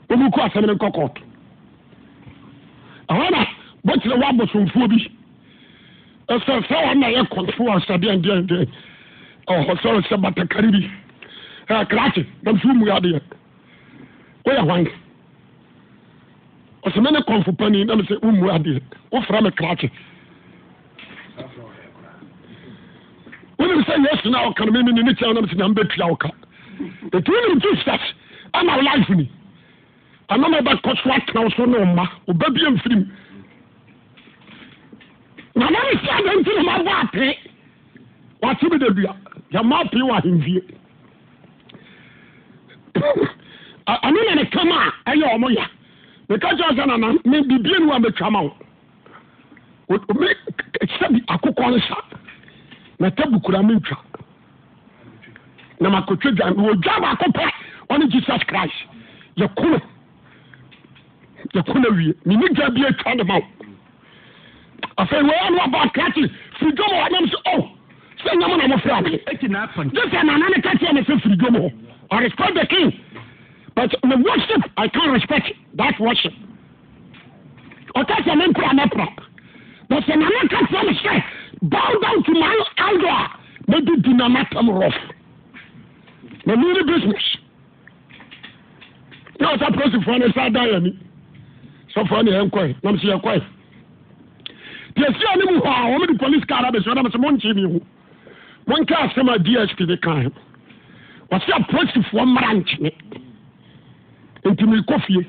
wọ́n mú kó àṣẹ mi ní kọ́kọ́ọ̀tù àwọn náà bó tilẹ̀ wá bọ̀sọ̀nfọ́ bi ẹsẹ̀ sẹ́ wọn náà yẹ kọ̀ǹtò ọ̀sẹ̀dẹ̀ ẹ̀dẹ̀ ọ̀họ̀ sọ̀rọ̀ sẹ́ batakari bi ẹ̀ kíláàsì náà fún mu yàdìyẹ ó yẹ hwan ọ̀sẹ̀ mẹ́ni kọ̀ǹfò pẹ́ni náà mi sẹ́ ó mu yàdìyẹ ó fura mi kíláàsì. wọ́n mi sẹ́ yẹ́sì náà ọ̀kan mi ni ní kyẹ́wọ́n náà mi sẹ́ náà ń bẹ́ tuya ọ̀ka ètò yìí ni Jesus ẹ̀ náà láìfù ni àná so àtẹ̀wọ́ so náà ọ̀ma ọ̀bẹ bíyẹn na na me si ade nti na mabɔ ape wate me da dua deɛ ma ape wɔ ahemfie ɛno na ne kama a ɛyɛ ɔmo ya meka kyerɛ sɛ nana me bibie no a mɛtwa ma wo sɛbi akokɔ nsa mɛta bukura mentwa na makɔtwa dwa wɔdwa baako pɛ ɔne jesus christ yɛkono yɛkono wie ni dwa bi atwa de ma wo afei wei ɛne ɔba krakye firidwom hɔ nam oh, sɛ o sɛ nyɛ mo na mofrɛ me gye sɛ nana ne ka kyerɛ me sɛ firidwom hɔ I respect the king but the worship I can't respect that worship ɔka sɛ me nkora mɛpra but sɛ nana ka kyerɛ me sɛ bow down to my idol maybe mɛdi di nanatam rof na mene business na ɔsa prosifoɔ no sa da yɛ ni sɔfoɔ ne yɛnkɔe nam sɛ yɛkɔe yɛsi a ne mu hɔ a wɔn de police car abɛsi ɔdam sɛ mɔnkye mi ho mɔnkye asɛm a dsp de kan wɔsi apolisifoɔ mmara nkyene nti mi kɔ fie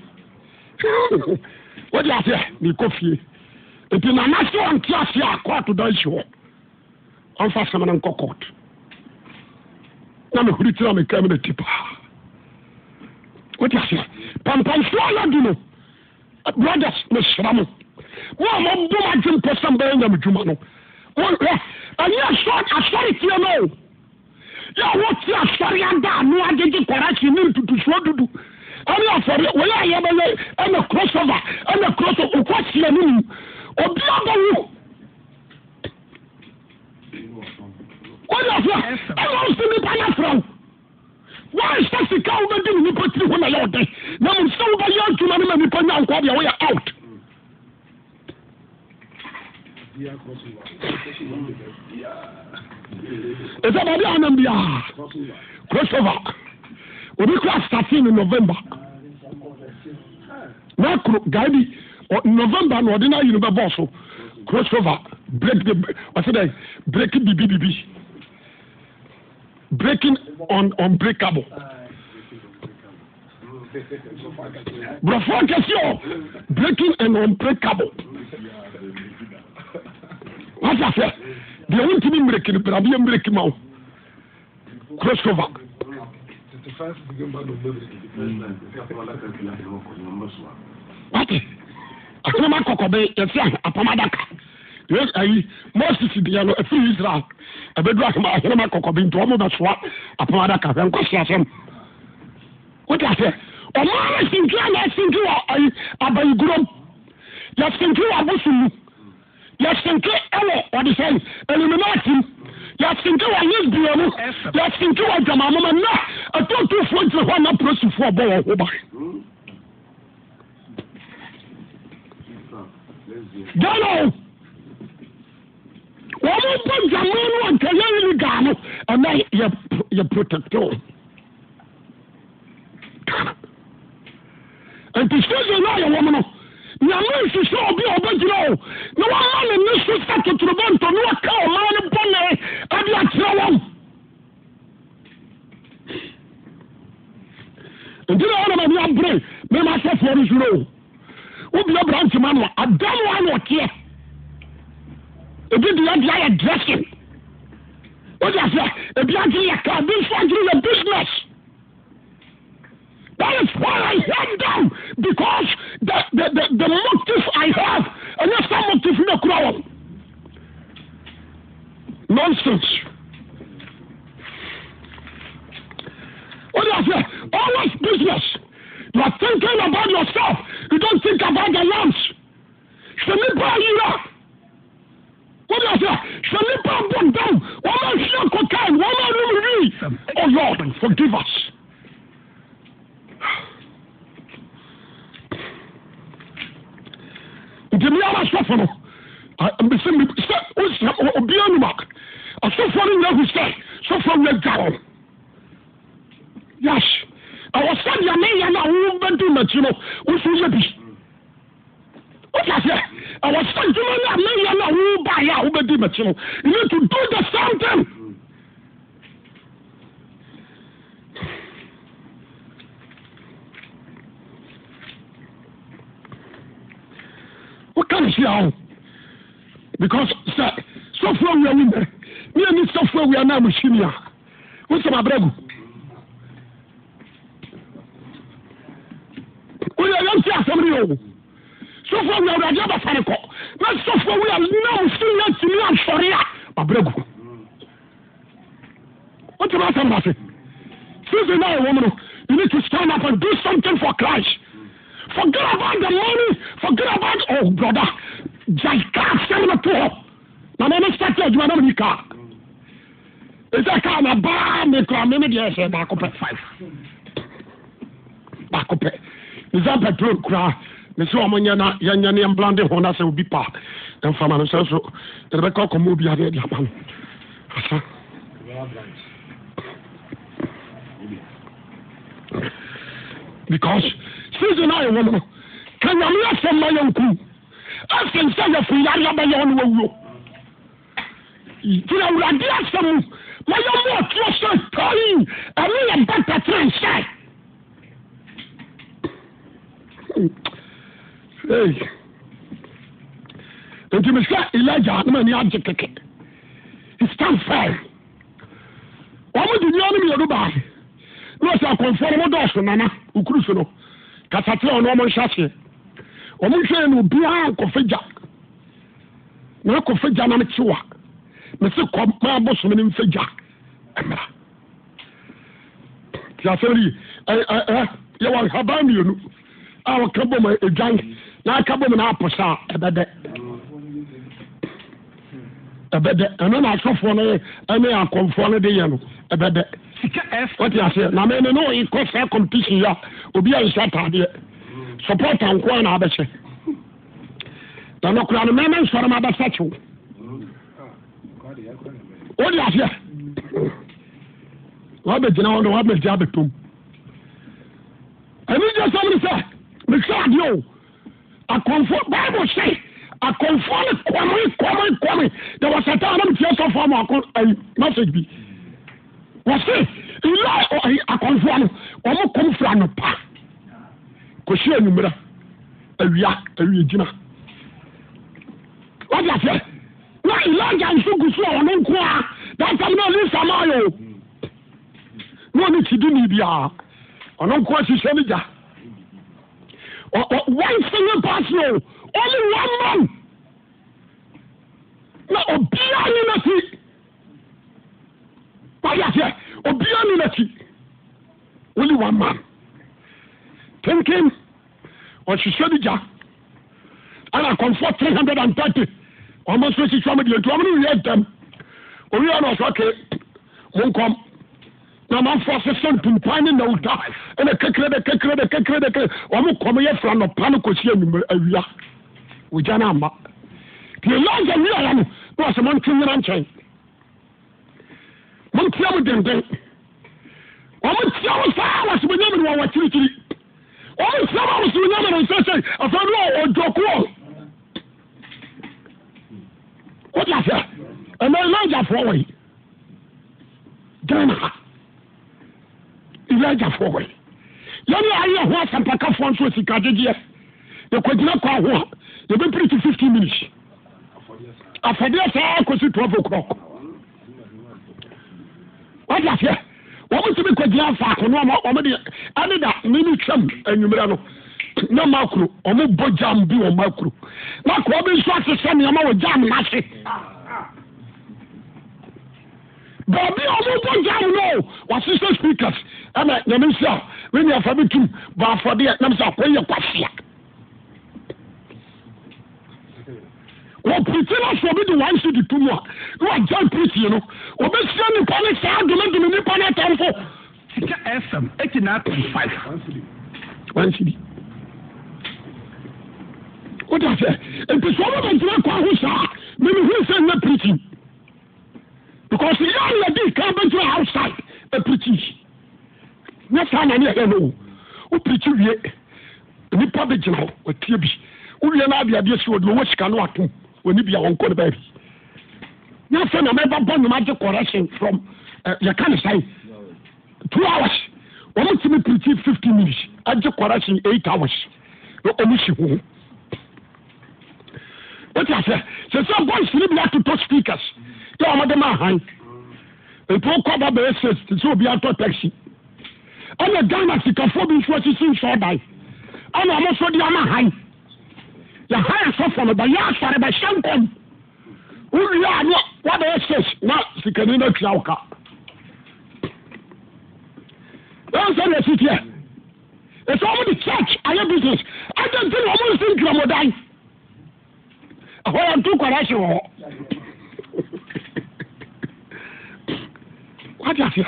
wɔde aseɛ mi kɔ fie nti nana se ɔnte aseɛ a kɔɔto da ahyi hɔ ɔnfa asɛm no nkɔ kɔɔto na mehuri tira me kaa mi na ti paa wɔde aseɛ pampanfoɔ aladu no brothers mehyira mo wọn a wọn bọ wọn adi mpọ sẹ mbẹ ẹnyam no wọn hẹ ẹni asọri asọri tiẹ no yà wọn ti asọri ada anu agege kọrẹsì ní ntutusuo dudu ẹni asọri wọlé ayé bẹyẹ ẹna kúrọsọfà ẹna kúrọsọ òkú ẹsẹ ẹni mu obi abẹ wọn yà fún ẹ ẹna ọsùn nípa yà fún ọ wọn ẹsẹ sika wọn bẹ di nípa tiri wọn náà yà ọdẹ na mo nsọ wọn bẹ yẹ ẹdwuma ni mà nípa nyà nkọ bìà wọn yà out ɛsɛ baabi a nam biaa crossover obi kora starting no november na kuro guy bi november na ɔde no ayi no bɛbɔɔ so crossover break the ɔsɛ dɛ break bibi bibi breaking on unbreakable borɔfoɔ nkɛseɛ breaking and unbreakable wájú àfẹ deɛ wontumi mmiriki no brabeɛ mmiriki ma wo crossover wate ahenema kɔkɔbe yɛse apam adaka ayi moses deɛ no ɛfiri israel ɛbɛdu ahenema kɔkɔbe nti ɔmo bɛsoa apam adaka hwɛ nkɔse asɛm wote asɛ ɔmaa na sinki a na ɛsinki wɔ abayigurom yɛsinki wɔ abosomu yɛsinki ɛwɔ ɔde sɛn eliminati yɛsinke wɔ yisbia mu yɛsinke wɔ dwamamoma na atotofoɔ gyina hɔ na polosifoɔ bɔ wɔn ho ban ghana o wɔn mo bɔ ndwamɔ no wɔ nkɛyɛ yiri gaano ɛnna yɛ yɛ protector ghana nti sɛdeɛ naa yɛ wɔn no nyame nhyehyɛ obi a ɔbɛgyina o na wɔma ne ne so sɛ totorobɔntɔ ne wɔka ɔmaa no bɔne ade akyerɛ wɔn nti na wɔna mani abere mema sɛfoɔ no suro o wobia bra ntima no a adam wa na ɔteɛ ebi deɛ deɛ yɛ dressing wode aseɛ ebi agyere yɛ kaa bi nso agyere yɛ business That is why I hate them because the the the, the motive I have ɛnyɛ saa motive na kura wɔn nonsense. What do I say? Always business. You are thinking about yourself. You don't think about the lambs. Sani pa yira. What do I say? Sani pa bun down. Wọ́n máa ń ṣe àkókò ẹ̀ wọ́n máa ń rí Oh Lord, forgive us. nti mi ara sɔfo no mbese mi sɛ osira obi anuma asɔfo no nyɛ hu sɛ sɔfo nyɛ gya wɔn yas ɛwɔ sɛ deɛ ne yɛ no a wɔn bɛ di n'akyi no yɛ bi wọ́n ṣe ẹ̀wọ̀n sẹ́ńtúmọ́ ní àmì ìyá náà wọ́n bá yá àwọn bẹ́ẹ̀ dì mẹ́tí you need to do the same thing. woka ne hyia wo because sɛ sɔfo awia wo mɛ meani sɔfo awia na mohyi me a wosɛm abrɛgu woyɛ yɛmsi asɛm ne yɛo sɔfo awia awurade abɛsare kɔ na sɔfo awia na mohyi me atumi asɔre a abrɛgu wotumi asɛm base season na ɛwɔ mu no you need to stand up and do something for christ Forget about the money. Forget about oh brother. Jaika sẹ́ni bẹ tó hɔ. Na mɛ ne sẹ́tẹ̀ ẹ̀dùnmá náà mi yí ká. Ẹsẹ̀ ká na báà mi kura mi mi di ẹsẹ̀ baako pẹ̀ five. Baako pẹ̀. Ẹsẹ̀ pẹ̀trol kura. Mesi wɔn nyɛ na yɛn nyɛ ne yɛn blande ho na sɛ obi pa. Ɛnfama no sɛ so yɛrɛ bɛ kɔ kɔn mu obi adeɛ di ama no. Asa. Because season a yɛwɔ no no ka nyame asɛm ma yɛnkum afei sɛ yɛfoyare bɛyɛ wo ne wawuo gyina awurade asɛm mu ma yɛmmɔ ɔtoɔ sɛ tɔi ɛne yɛ bɛta tera nhyɛe nti mesɛ elija ne mani agye keke stand fire ɔmo de nnua no mmienu baa na ɔsɛ akɔmfoɔ no mo dɔɔso nana okuru so no kasakyerɛ ɔno ɔmo nhyɛ aseɛ ɔmo nhwɛ no obiara nkɔfɛ gya na akɔfɛ gya na mekye wa mese kɔ maa bosom no mfɛ gya mmra nti asɛm yi yɛwɔ nhaban mmienu a wɔka bom adwan na aka bom na apo saa ɛbɛdɛ ɛbɛdɛ ɛno na asɔfoɔ no ne akɔmfoɔ no de yɛ no ɛbɛdɛ sika ɛf wɔte aseɛ na mɛ ne ne wɔyi kɔ saa competition yia obi a nhyɛ ataadeɛ support anko a na abɛhyɛ na nɔkura no mɛmɛ nsɔre ma bɛsa kyew wɔde aseɛ wɔabɛgyina hɔ no wɔabɛgya abɛtom ɛni gye sɛm ne sɛ mehwɛ adeɛ o akɔmfoɔ bible hyɛ akɔmfoɔ ne kɔme kɔme kɔme dɛ wɔsɛtaa na metie sɔfoɔ ma akɔ ayi eh, message bi wɔsi ilé akɔnfoɔ no wɔn kɔn fura no pa kòsi enumera awia awia gyina wɔdi aseɛ na ilé agya nso gusu a ɔno nko a dantam na ɔne nsama ayɛ o na ɔne ti di ni biara ɔno nko a hyehyɛ ne gya ɔ ɔ one single person o only one man na obiara ne na si ɔyɛ aseɛ obiara ni n'akyi only one man thinking ɔhyehyɛ bi gya ɛna akɔnfoɔ three hundred and thirty ɔmo nso hyehyɛ ɔmo deɛ nti ɔmo no yɛ dɛm owia na ɔsɔ ke mo nkɔm na ɔmo afɔ sese ntumpan ne nawuta ɛna kekere de kekere de kekere de kekere ɔmo kɔm yɛ fura nɔpa no kɔsi enum awia ogya na ama deɛ lanza wia ya no na ɔsɛ mo ntu nyina nkyɛn wọn tia mu denden wọn tia mu saa wasomi nyamiri wọn wọ kyirikyiri wọn tia mu wasomi nyamiri nsẹsẹ afẹnu ọjọkọ o ti afẹ ẹnna elija fọ wọnyi ghana ha elija fọ wọnyi yẹn ni ayé ẹhọ asampakafoɔ nso sika gyegyeɛ yɛkɔgyina kɔ ahoɔ yɛbɛpiriti fifteen minutes afɔdeɛ saa kɔsi twelve o'clock wọ́n ti àfẹ́ wọ́n mu ti mi kọjá faako ní ọmọ ọmọ de ẹni da mímu twam enyimira no ní ọmọ akuru ọmọ bọ jam bi wọ́n ọmọ akuru wọ́n akuru ọbi nso asesẹ ní ọmọ wọ jam n'ase baabi ọmọ bọ jam náà w'asesẹ speakers ẹna nyame nsia wíni afa bi tum bọ afọdeẹ nam sẹ akọ yẹ kwasia. wɔpirikyi no so obi de one cd to mu a na wagya pirikyie no wɔbɛhyia nnipa no saa domedome nnipa no atamfo kyɛ fm 89.5 one cd wode sɛ nti sɛ ɔmo bɛntena kɔ aho saa memehunu sɛ nyɛ pirikyi because yɛ yɛde ka bɛntena outside apirikyi nyɛ saa na ne yɛyɛ no o wopirikyi wie nnipa bɛgyina hɔ watie bi wowie no adeadeɛ si wɔde wɔwɔ sika no atom wɔni bi a wɔn kɔ ne baabi na sɛ na ɔmɛba bɔ nnwuma gye correction from eh, yɛka ne sɛn two hours wɔn ti mi pirikyi fifty minutes agye correction eight hours na ɔmo si ho wotu ase sese boys ni bi atoto speakers yɛ wɔn de ma ahan ntu kɔ ba bɛyɛ six sisi obi atɔ taxi ɛna ghana sikafoɔ bi nso asisi nsɔɔdan ɛna wɔn nso de ama ahan yɛha ɛsɔfo no bɛyɛ asɔre bɛhyɛ nkɔm wowie a ne wabɛyɛ six na sikani no atua wo ka ɛnsɛ ne asi teɛ ɛsɛ wɔmde church ayɛ business agye nti ne wɔmo nsi ntwiramodan ɛhɔ yɛnto kwarahye wɔ hɔ wade aseɛ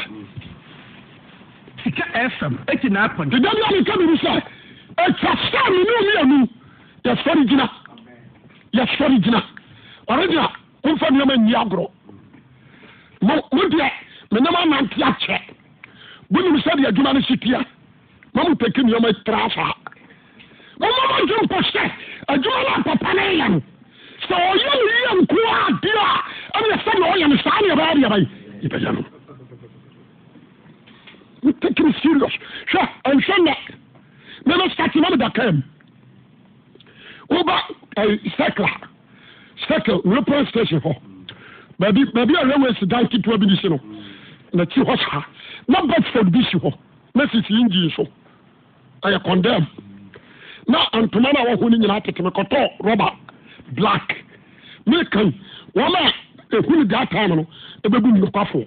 sika fm ɛti na apɔn deda bi a meka biribi sɛ ɛtwa sɛ mene omianu yɛsɔre gina yɛsfɔre gina oregina momfa numa nyiagorɔ modeɛ menem ananteakyɛ bonim sɛ de adwuma no sitia mame paki numa tras momama dompo sɛ adwuma no papane yano sɛ ɔya no yiankoadioa ɛmsɛ nɛ ɔyano saneɛbaiababɛ meekiniserosswɛ nsenɛ men sate mameda kam woba sɛkla eh, sɛkla replan station hɔ baabi baabi a railway si dan ketewa bi ni si no n'akyi hɔ saa na bedford bi si hɔ na sisi engine so ɛyɛ condemn na ntoma no a wɔho no nyinaa tete mekɔtɔ rɔba black mekan wɔn a ehu no daa time no ebegu nnukwafoɔ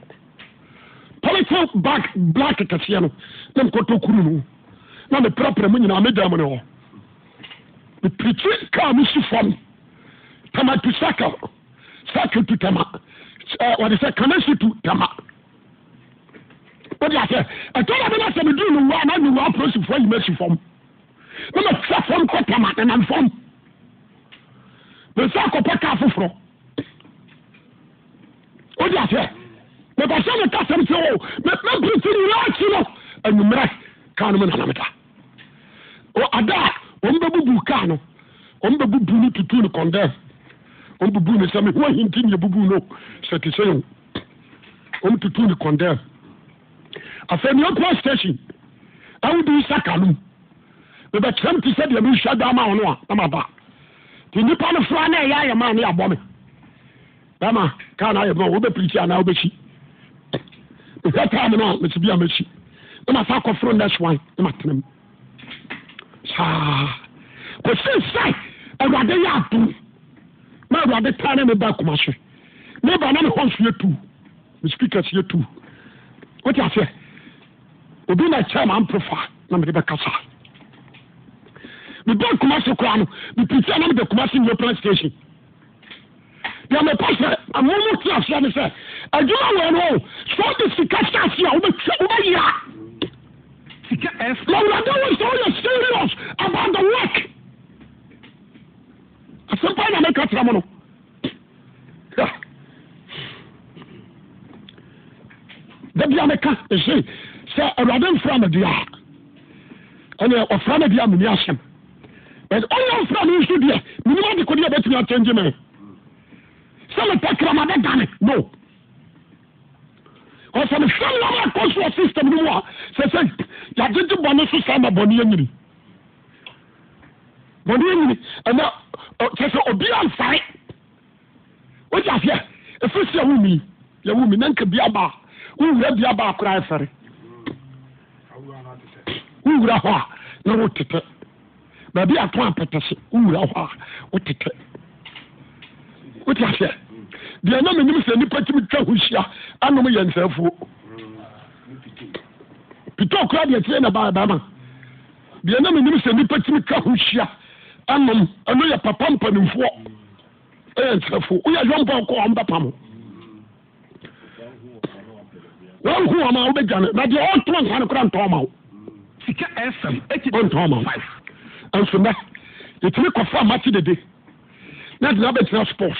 polythene bag black kɛseɛ no na mekɔtɔ kuru no na mepirapira mu nyinaa me dan mu ne hɔ. priti ka me si fom tamatu cykle cykle tu tama wode sɛ kanasi tu tama odia sɛ ɛtone mine sɛmedu nowananuw prosifo yimsi fom meme sɛ fom kɔ tema nanamfom mensa kopɛ ka foforɔ odia sɛ mɛbɛsɛ me ka sɛme se o me piriti nira ke no anumerɛ ka nomennameda ada ɔmbɛbubu kaa no ɔmbɛbubu no tutu no kɔndɛs ɔmbubu no sɛ meho ahinti nyɛ bubu no sɛ te sɛ ɔmtutu no kɔndɛs afei nea ɔkɔ station awodi saka no mebɛkyerɛ m te sɛ deɛ mehwɛ da ma wo a na maba nti nnipa no fra na ɛyɛ ayɛ ma ne bɛma kaa na ayɛ ma wobɛpirikyi anaa wobɛkyi mehwɛ taa me no a mesi bi a mɛkyi na masa akɔforo nɛ soan na matenam saa ah, kò sí sẹ ẹwurade yẹ ato na ẹwurade taa ne mi ba kuma so ne ba na mi hɔ nso yɛ tu mi speakers yɛ tu o ti ase obi na kyerɛ ma amplifa na mi de bɛ kasa mi ba kuma so kora no mi pisa na mi de kuma so new plan station deɛ mi pa sɛ amomo ti aseɛ mi sɛ adwuma wɔ no sɔɔ de sika hyɛ aseɛ a wɔbɛ yira sika ẹsẹ. lọ́wọ́dà tó wọ́n sọ serious about the work. asẹ́pá yà mẹ́ka tẹ̀ mọ́ nù. dabi ameka ese sɛ awurade nfura mi di a ɛnna ɔfura mi di a mu ni asɛm ɛnna ɔnyɛ nfura mi nso deɛ mi ni wa di ko deɛ bɛ tumi atɛnji mi sɛ mi pɛ kirama bɛ dani no ɔsɛm hwɛ nam akɔ so wɔ system no mu a sɛsɛ yɛagyegye bɔne so saa ma bɔne anyini bɔne anyini ɛna kyɛ sɛ obi amfare wogye aseɛ ɛfiri sɛ wumi yɛwumi na nka biaba a wowura biaba a koraa ɛfɛre wowura hɔ a na wotetɛ baabi ato apɛtɛ se wowura hɔ a wotetɛ wote aseɛ deɛ ɛna menim sɛ nipa tumi twa ho hyia anom yɛ nsɛfoɔ pitɔ kora deɛ kyerɛ na baadama deɛ ɛna menim sɛ nipa tumi twa ho hyia anom ɛno yɛ papa mpanimfoɔ ɛyɛ nsɛfoɔ woyɛ hwɛ mpa ɔkɔ ɔmba pam wɔnhu ɔma wobɛgya no na deɛ ɔntoa nsa no kora ntɔɔ ma wo sika ɛsɛm ɔntɔɔ ma wo ɛnso nɛ yɛtumi kɔfa amakye dede na de na bɛtena sports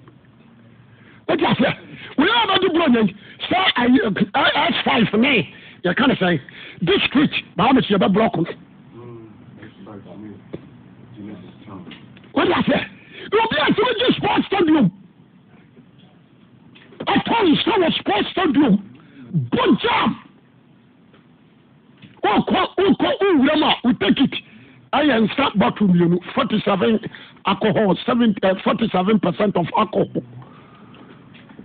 o ti ase wòye a bàtú buro yẹn sẹ ẹ five ní yẹ ká ní sẹ district báwo ni sẹ bẹ block ní. o ti ase obi a sọ di sports stadium ọtọ nsọ wọ sports stadium bọ jam ọkọ ọkọ ọwúrẹ mu a o take it ayẹ nsa bọtù mmienu forty seven alcohol seventy forty seven percent of alcohol.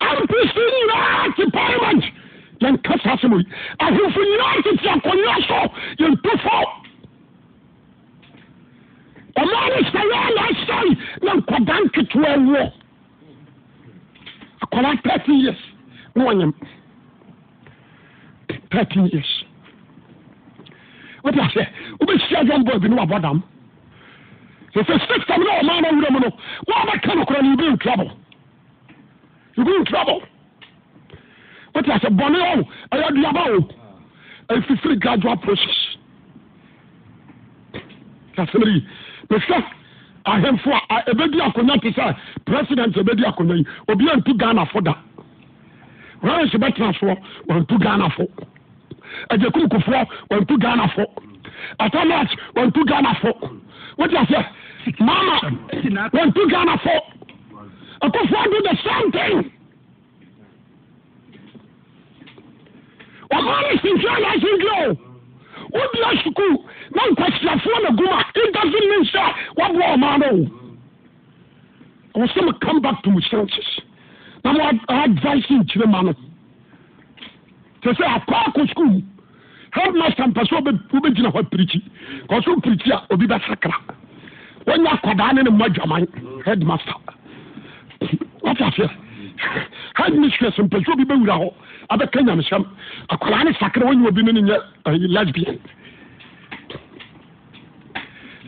ampeso nyiraa te parment yɛnka sasmi homfo yira te fia knɛ so yɛnfo ɔmaa no sɛya na asɛe ne nkwa banketwɔ akr thrte years ey thirt yeas ɛ wobɛsia bɔbin wabɔdam ɛsɛ sixtem n ma nwrmu nwbɛkanrbitrble you go in trouble But oh, I wọ́n ti àṣẹ I ọ̀hún ẹ̀yà diaba o efifiri gradual process yasẹ́mẹ́rì I am for. I ebedi akonya ti sẹ president ebedi akonya yi obi a ntu Ghana fo da rẹ́ǹsì bẹ́ẹ̀ tẹ̀ fọ́ wọ́n ntu Ghana fo ẹ̀jẹ̀ kúrukù fọ́ wọ́n ntu Ghana fo atamat wọ́n ntu Ghana fo What ti say, mama wọ́n ntu Ghana fo ɔkɔfoɔ do the same thing ɔmaa no sinsuo na asinsuo wodua sukuu na nkwasiafoɔ na gum a it doesn't mean sɛ waboa ɔmaa no o ɛwɔ sɛ mo come back to my senses na mo advice nkyerɛ ma no kyerɛ sɛ akɔ akɔ sukuu headmaster mpɛ sɛ wobɛgyina hɔ pirikyi kɔ so pirikyi a obi bɛsakra wonya akwadaa ne ne mmɔ adwaman headmaster wate aseɛ high mistress mpɛsɛ obi bɛwura hɔ abɛka nyamehyɛm akwaraa ne sakra wɔnyɛ obi no ne nyɛ eh, lesbian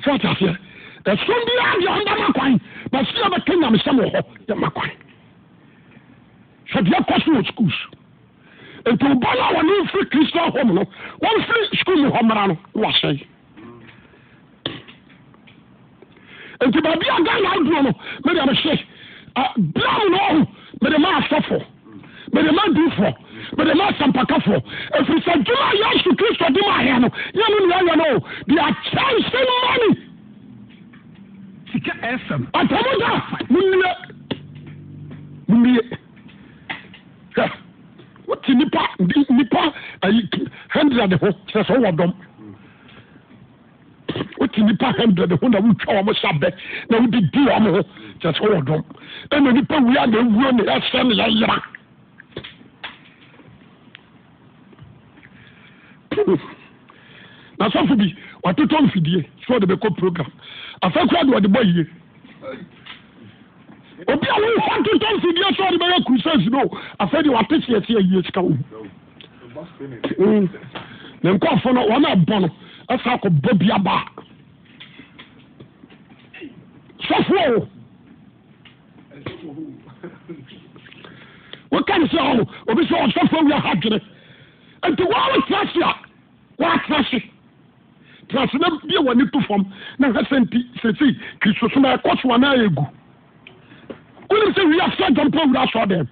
sɛ wate aseɛ ɛsom biaa deɛ ɔnda ma kwan bɛsi abɛka nyamehyɛm wɔ hɔ yɛ ma kwan sɛ deɛ kɔ so wɔ schools nti wobɔ no a wɔne mfiri christian home no wɔmfiri school mu hɔ mmara no wasɛe nti baabi a ghana aduro no mede abɛhyɛ Ah, bramu na ɔhu mede ma asɔfo mede ma dufo mede ma asampakafo ɛfiri sɛ dwuma a yesu kristo de ma ahɛ no yɛno ne ayɛ no o de akyɛnse mɔne atamoda monnue monnue wote nipa nipa ayi hundred ho kyerɛ sɛ wowɔ dɔm wote nnipa hundred ho na wotwa wɔ mo na wode di wɔ ho kyɛ sɛ wowɔ ɛna nnipa wie a na awuo ne yɛsɛ ne yɛyera na sɔfo bi watotɔ mfidie sɛ ɔde bɛkɔ program afa de ɔde bɔ yie obi a wofa totɔ mfidie sɛ ɔde bɛyɛ crusades no afa deɛ wate seɛseɛ yie sika wo mm. na nkɔfo no wɔn a ɛbɔ no ɛfa akɔbɔ bi aba sɔfoɔ o wɔka ne sɛ ɔwɔ obi sɛ ɔsɔfoɔ wia ha dwene nti wɔawo trase a wɔatrase trase na bie wɔ to fam na hwɛ sɛ nti sɛsei kristosoma ɛkɔ so anaa ɛgu wonim sɛ wiase agyampa wura asɔ dɛm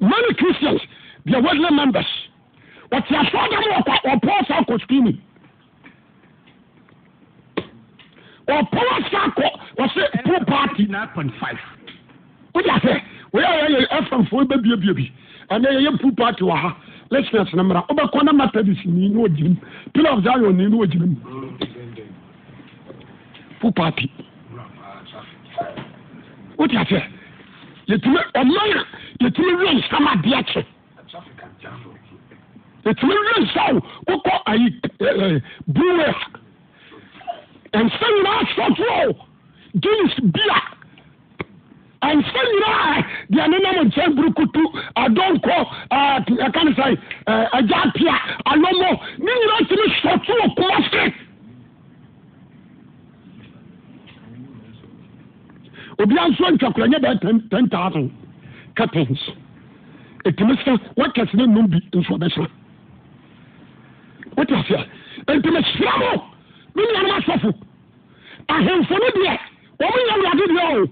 many christians their worldly members wɔte asɔ dɛm wɔpɔɔ saa kɔ skimi ɔpɔwɔ sakɔ wɔsi pool party. nine point five. o de ase o yà yà yà fm fo bɛ bie bie bi ɛnna yɛ yɛ pool party wɔ ha listeners na mara o bɛ kɔ ne ma tɛbi si ni n'o jiri mu pillar of zion ni n'o jiri mu pool party o de ase yɛtumi ɔmɔnya yɛtumi wi nsama deɛ kyɛ yɛtumi wi nsaw kokɔ ayi ɛɛ eh, eh, brewer nsa nyinaa asɔfoɔ jeans bia nsa nyinaa deɛ nenam nkyɛn burukutu adɔnkɔ ɛka uh, ne sɛ uh, agya apia alomo ne nyinaa tumi sɔfoɔ kuma se obia nso ntwakora nyɛ bɛɛ ten thousand curtains ɛtumi sɛ wakɛse ne nom bi nso ɔbɛhyera wote aseɛ ɛntimi hyera mo ne nuanom asɔfo ahemfo no deɛ wɔn nyɛ awurade deɛ o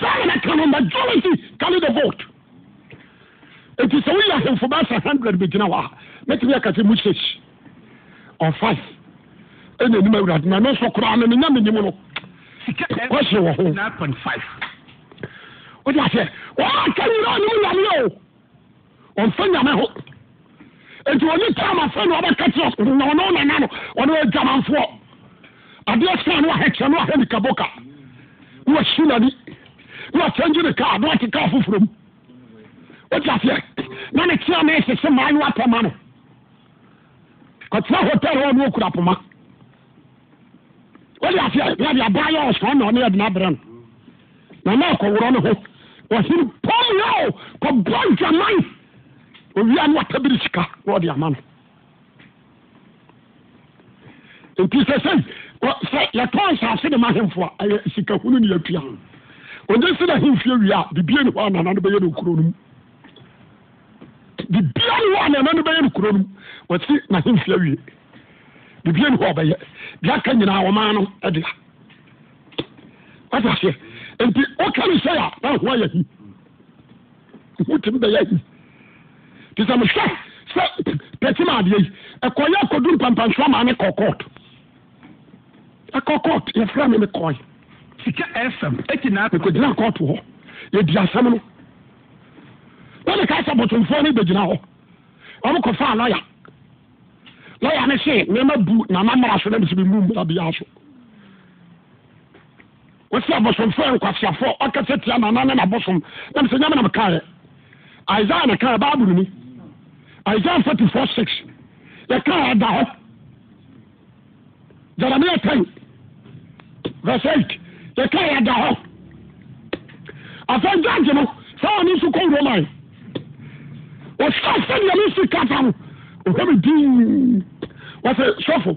saa na ka no majority carry the vote eti sɛ woyɛ ahemfo ba sɛ hundred bi gyina hɔ a mɛtumi aka sɛ mu six or five ɛna anim awurade na ne nso koraa no menya menim no wɔhye wɔ ho wode aseɛ wɔaka nyina ɔnom nyame o ɔmfa nyame nti wɔne taama fɛ no ɔbɛka kyerɛ na ɔno nana no ɔno yɛ dwamanfoɔ adeɛ saa no ahɛ kyerɛ no ahɛ ne kaboka na wahyi n'ani na wakyɛngye ne kaa na wate kaa foforɔ mu wote aseɛ na ne tea na ɛhyehye maa ne watɛma no kɔtena hotel hɔ ne ɔkura poma wode aseɛ na de abaa yɛ ɔsɔn na ɔne yɛde no abrɛ no na na ɛkɔworɔ ne ho ɔhene pɔm yɛ o kɔbɔ dwaman owia no watabiri sika na ɔde ama no nti sɛ sɛ sɛ yɛtɔ nsase de ma hemfo a ɛyɛ sikahunu ne yɛtua ɔnye sɛ na hemfie wie a bibie ne hɔ a nana no bɛyɛ no kuro no mu bibia ne hɔ a nana no bɛyɛ no kuro no mu wɔsi na hemfie wie bibie ne hɔ a ɔbɛyɛ deɛ aka nyinaa wɔmaa no ɛdea wata aseɛ nti woka ne sɛ a na ho ayɛ hi ho tumi bɛyɛ hi nti sɛ mehwɛ sɛ pɛtim adeɛ yi ɛkɔyɛ akɔdu mpampansoa maa ne kɔ court ɛkɔ court yɛfrɛ me mekɔe sika fm ɛtina mekɔgyina court hɔ yɛdi asɛm no na meka sɛ botomfoɔ no bɛgyina hɔ ɔmokɔfaa lɔya lɔya ne se nneɛma bu na mammara so na mesɛ memu mmara biaa so wosi abosomfoɔ nkwaseafoɔ ɔkɛsɛ tia nana ne nabosom na mesɛ nyame na mekaeɛ isaia ne kae baabolo ni isaiah forty four six yɛ kaa da hɔ jeremiah ten verse eight yɛ kaa yɛ da hɔ afɛn jaagye no sáà ní nso kó roma yi ɔsá sɛdeɛ mi si kata no ɔhwɛ mi diin wɔsɛ sɔfo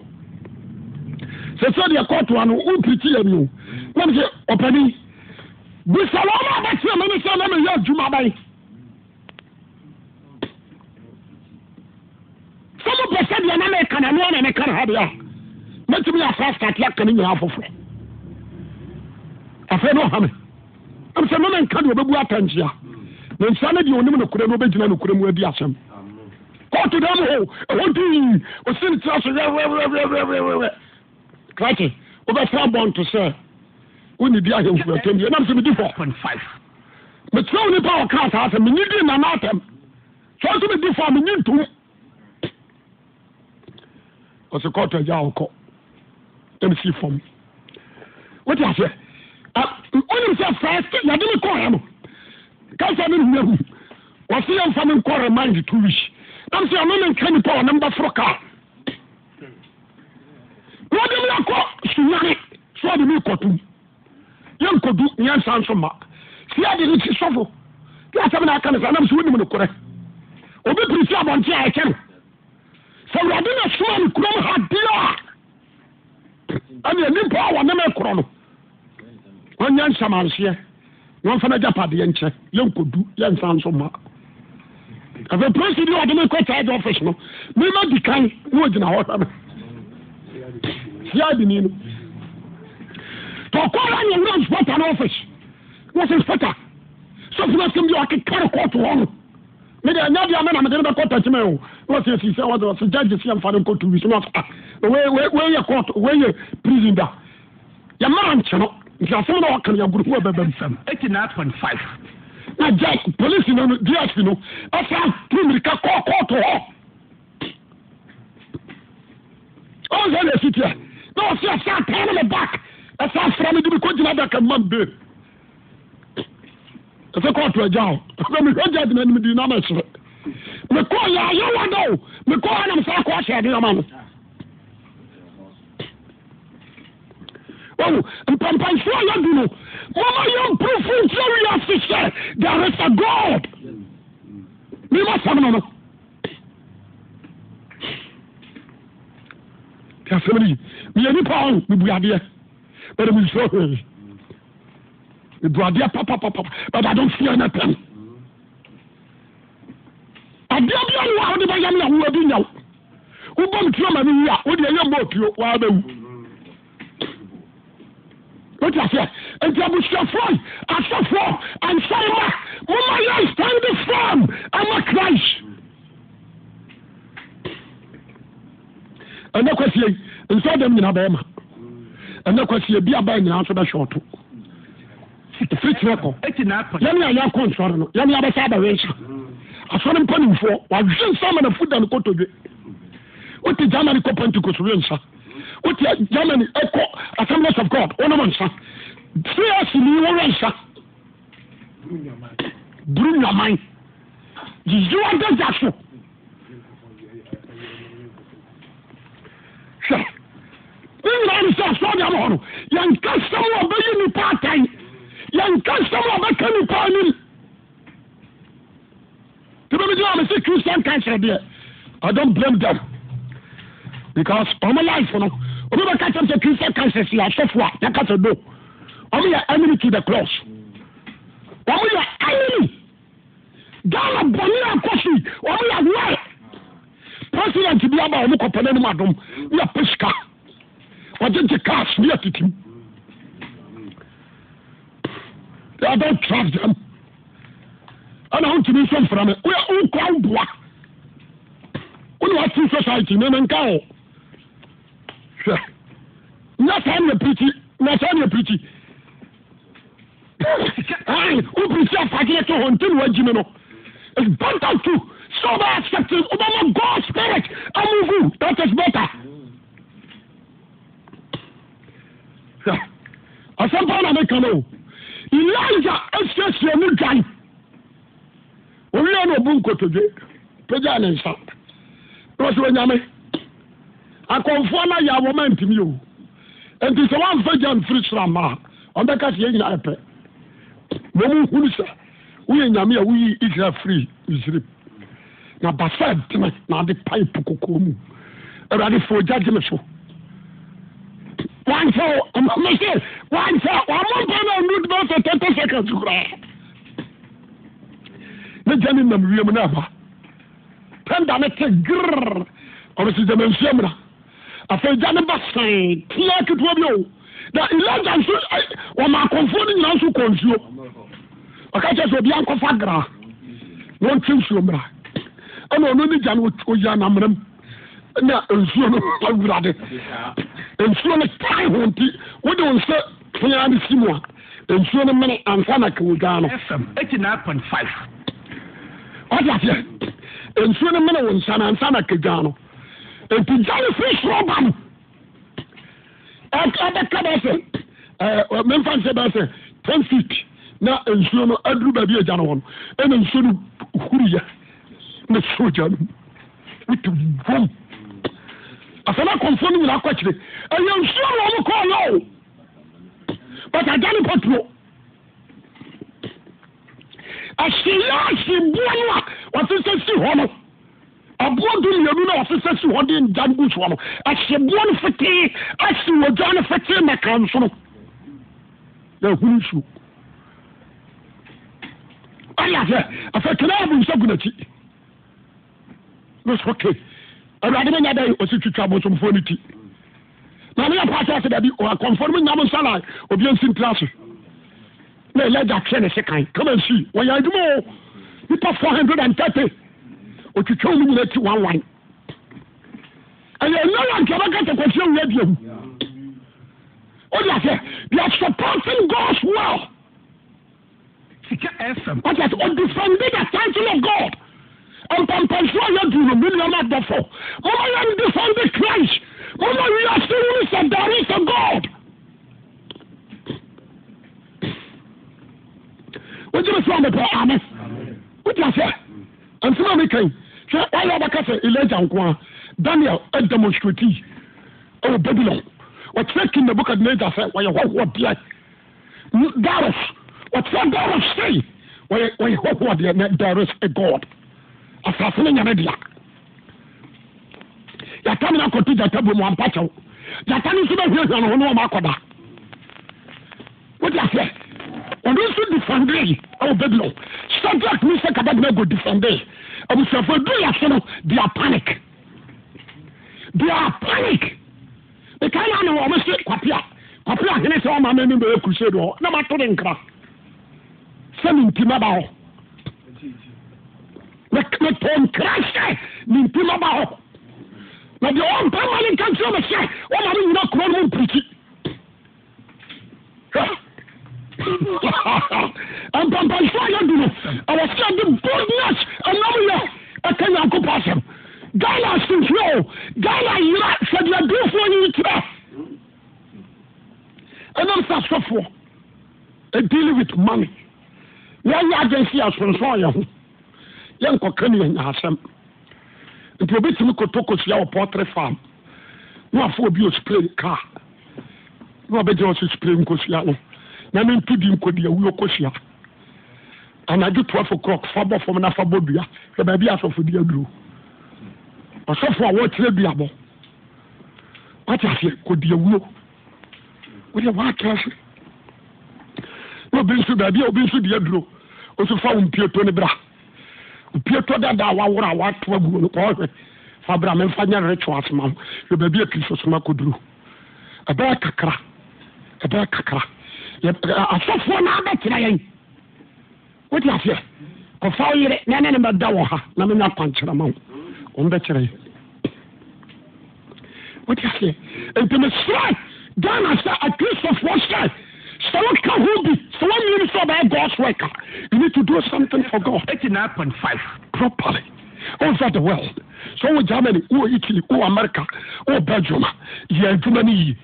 sɛ sɛdeɛ kɔɔto ano ɔmpirikyi yɛ mi o wɔn sɛ ɔpɛni bisalɔn ɔmo abɛkyerɛ mi ni sɛ ɔmo yɛ adwuma bɛyi. sɛ mopɛ sɛ deɛ na meka na noa na meka na ha deɛ a mɛtumi afa asate aka no nyinaa foforɔ afei ne ɔha me am sɛ mama nka deɛ ɔbɛbu atankyea na nsa no deɛ ɔnim nokora no wobɛgyina nokora mu adi asɛm kɔɔto dam hɔ ɛhɔ dii ɔsi ne tira so wɛwɛwɛwɛwɛwɛ krake wobɛfa bɔnto sɛ wonidi ahemfuatam deɛ nam sɛ medi fɔ mekyerɛ wo nipa ɔkaa saa sɛ menye dii nana atɛm sɛ nso medi fɔ a menye ntom ɔsɛ kɔɔtɔ agya ɔkɔ mc fam wote aseɛ wonim sɛ first yɛde me kɔɔɛ no kansa ne nua hu wɔse yɛmfa me nkɔɔrɛ remind to wish nam sɛ ɔno ne nka nipa ɔne mbɛforo kaa wɔde me akɔ sunyane sɛ ɔde me kɔtom yɛnkɔdu nyɛnsa nso ma sɛ yɛde ne kyi sɔfo yɛ asɛm no aka ne saa nam sɛ wonim no korɛ obi piri sɛ abɔnte a ɛkyɛ no awurade na soa no kurom hadeɛ a ɛne nipa a wɔne me korɔ no ɔnyɛ nsamanseɛ na ɔmfa no agyapadeɛ nkyɛ yɛnkɔdu yɛnsa nso ma afei polisi bi ɔde me kɔ charge office no mema di kan na wɔgyina hɔ hwɛ me siadini no tɔ ɔkɔra ne wura nspɔta no office wɔsɛ spɔta sɔfo no asɛm bi ɔkekare kɔɔto hɔ no mede ɛnya deɛ me na mede ne bɛkɔ takyima o na wɔsɛ sii sɛ wɔde sɛ gyagye sɛ yɛmfa no nkɔ two weeks na wɔsɛ weyɛ court weyɛ prison da yɛmmara nkye no nti asɛm na wɔka no yɛagorofu a bɛbam fam 89.5 na gya police no no dsp no ɛsa to mmirika kɔɔ kɔɔto hɔ ɔnsɛ na ɛsi teɛ na wɔsɛ ɛsa taa no me back ɛsa fra me de me kɔgyina daka mam bee ɛsɛ kɔɔto agya o ɛsɛ mehwɛ gya gyina anim di na mɛkyerɛ mekɔɔ yɛ ayɛwa da o mekɔɔ anam saa kɔɔ hyɛ ade ama no wawo mpampansoɔ yɛ du no mama yɛ mprofo nkyerɛ wiase sɛ there is a god mema sɛm no no asɛm no yi meyɛ nipa ɔ mebu adeɛ bɛde mensuro hwee Brother, papa, papa, but I don't fear nothing. adeɛ bi awo a wɔde bɛyɛ no awoa bi nyaw wobɔ m tura ma no wu a wode ɛyɛ mbɔ opuo waa bɛwu wote aseɛ nti abusuafoɔ asɔfoɔ ansarema moma yɛ stand firm ama christ ɛnɛ kwasie nsa dɛm nyina bɛɛma ɛnɛ kwasie bi aba nyinaa nso bɛhwɛ ɔto ɛfiri kyerɛ kɔ yɛne a yɛakɔ nsɔre no yɛne yɛbɛsɛ aba wɛnhyɛ asɔre mpanimfoɔ wadwe nsa ma nafu da no kɔtɔdwe wote germany kɔ pentecost wɛ nsa wote germany ɛkɔ eh, assemblies of god wonam nsa cs ni wɔwɛ nsa duru nwaman yiyiwa dagya so hwɛ ne nyinaa ne sɛ asɔre ama hɔ no yɛnka sɛm wɔbɛyi nipa atae yɛnka sɛm a ɔbɛka nipa anim nti bɛmi gyina wɔn sɛ christian council deɛ i don't blame them because ɔmo life no obi bɛka kyɛm sɛ christian council si asɔfo a yɛka sɛ do ɔmo yɛ enemy to the cross ɔmo yɛ enemy ghana bɔnni akɔsi ɔmo yɛ well president bi aba ɔmo kɔpɛ n'anim adum yɛ pesika ɔgyegye cash. bi yɛ titim. I don't trust them. And I want to be sent from it. We are all called what? We are two society, men and cow. Not only pretty, not only pretty. Aye, who preach a faggot to hunt in what you know? It's better to sober acceptance of our God's spirit. I move you. That is better. I said, I'm not going to elija asiesie mu dwan owia na obu nkotodwe pagya ne nsa na ɔsɛ onyame akɔmfoɔ no yɛ awɔma ntimi o nti sɛ woamfa gya mfiri soro mmaa ɔbɛka sɛ yɛ ɛpɛ wɔmu hunu sɛ woyɛ nyame a woyi israel firi misrim na basa dene na ade pipe kokoo mu awurade fo gya gyeme so wankyɛ o mese one sɛ ɔmɔmpa no ɔnu de bɛsɛ thirty seconds koraa ne gya ne nam wiem no aba pɛnda ne te gerr ɔbɛsɛ gya mansua mmra afei gya ne ba sɛn tia ketewa bi o na elija nso wɔma akɔmfoɔ no nyinaa nso kɔ nsuo ɔka kyɛ sɛ obi ankɔfa gra wɔnte nsuo mmra ɛna ɔno ne gya no ɔyi anammerɛ mu na nsuo no awurade nsuo no tae ho nti wode wo nsɛ nyinaa de si mu a nsuo no mene ansa na kawo gyaa no. fm eighty nine point five. ɔdi aseɛ nsuo no mene wɔ nsa na ansa na kawo gyaa no etu gyaani fi soro ba mu ɛbɛka bɛ sɛ ɛɛ mɛmfa nsɛ bɛ sɛ ten feet na nsuo no aduru baabi e agya no wɔ e, no ɛna nsuo no huru yɛ na soro gya no wotu bom asana kɔnfo no nyinaa kɔ akyire ɛyɛ nsuo na wɔn kɔɔ yɛ o ɔtɛ agya ne pɔtuo ahyia ahyeboa no a wɔsesɛ si hɔ no aboɔ dumienu na wɔsesɛ si hɔ de ngya no gu soɔ no ahyeboa no fetee asi wɔgya no fetee mɛka nso no na ahuru nsuo ayɛ sɛ afɛtena abunsa gu n'akyi ne sɛ okay awurade ne nya dɛ ɔsi twitwa abosomfoɔ no ti nyame yɛ paase ase dabi akɔmfo no mu nyam nsa obi nsi mpira so na elija twɛ ne se kan kama nsi wɔyɛ adwuma o nipa four hundred and thirty otwitwa omu nyina ti one line ɛyɛ nyɛ wa nkɛ bɛka tɛkɔsi awura bi ewu o de ase they are supporting God's will sika fm ɔtɛ ɔtɛ ɔdefended the title of God ɔmpɔmpɔnso a yɛ duro mu nneɛma dɔfo ɔmɔ yɛ defending Christ. All of your feelings are direct to God. Would you respond to prayer? Amen. Would you say? And so we can say, all of us are Elijah and Kwan. Daniel, a demonstrate. Oh, Babylon. What's taking the book of Nature said, why you want what blood? Darius. What's that Darius say? Why you want what there is a God? Assassin and a gyata no akɔto gyata bom ampa kyɛw gyata no nso bɛhwiahwia no ho ne wɔma akɔda wode aseɛ ɔno nso defandei ɛwɔ babylon sadrak ne sɛ kadadena go defandei abusuafo aduru yɛse no they are panic they are panic mekaa naa na wɔmo se kwape a kwape a hene sɛ wɔma mani bɛyɛ crusade hɔ na mato ne nkra sɛ mentim aba hɔ metɔ nkra hyɛ mentim aba hɔ na deɛ ɔmpa ma ne nka nkyerɛ me sɛ wɔma no nyina kuro no mu mpirikyi ampampanso a yɛdu no ɛwɔ sɛ boldness ɛnam yɛ ɛka nyankopɔn asɛm ghana asomfie o ghana yera sɛdeɛ adufoɔ yi kyerɛ ɛnam sɛ asɔfoɔ ɛdeal with money wɔyɛ agency asonson yɛ ho yɛnkɔka ne yɛnya asɛm nti obetumi koto kosua wɔ pɔtri farm na wafɔ obi o spray car na wabɛgyina ɔsi spray nkosua no na ne ntu di nkodi awuo kosua anadwo twelve o'clock fa bɔ fam na fa bɔ dua yɛ baabi asɔfo di aduro ɔsɔfo a wɔrekyerɛ dua bɔ wate aseɛ kodi awuo wɔde wɔakyerɛ se na obi nso baabi a obi nso di aduro osu fa wɔn pieto ne bra opie tɔ dada a waworɔ a wato agu no ɔhwɛ fa bra memfa nyɛ ritual soma ho yɛ baabi a kristo soma kɔduru ɛbɛyɛ kakra ɛbɛyɛ kakra asɔfoɔ no abɛkyerɛ yɛn wote aseɛ kɔfa wo yere na ɛne ne mɛda wɔ ha na menya kwankyerɛma wo ɔno bɛkyerɛ yɛ wote aseɛ enti mesrɛ ghana sɛ akristofoɔ sɛ sɛ woka ho bi sɛ woanim sɛ ɔbɛyɛ god's work you need to do something for god 89.5 properly over the world so wɔ germany wɔ italy wɔ america wɔ belgium a yɛ adwuma no yie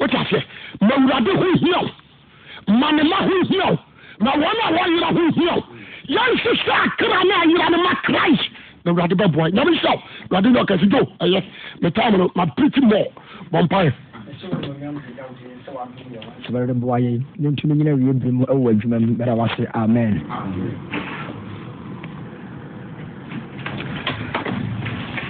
wote aseɛ ma awurade ho hia wo ma ne ma ho hia wo na wɔn a wɔyera ho hia wo yɛnsesɛ akra ne ayera no ma christ na awurade bɛboa nyame hyɛ wo awurade ne ɔkɛse dwo ɛyɛ metam no mapriti mɔ bɔmpaeɛ sɛ bɛrede amen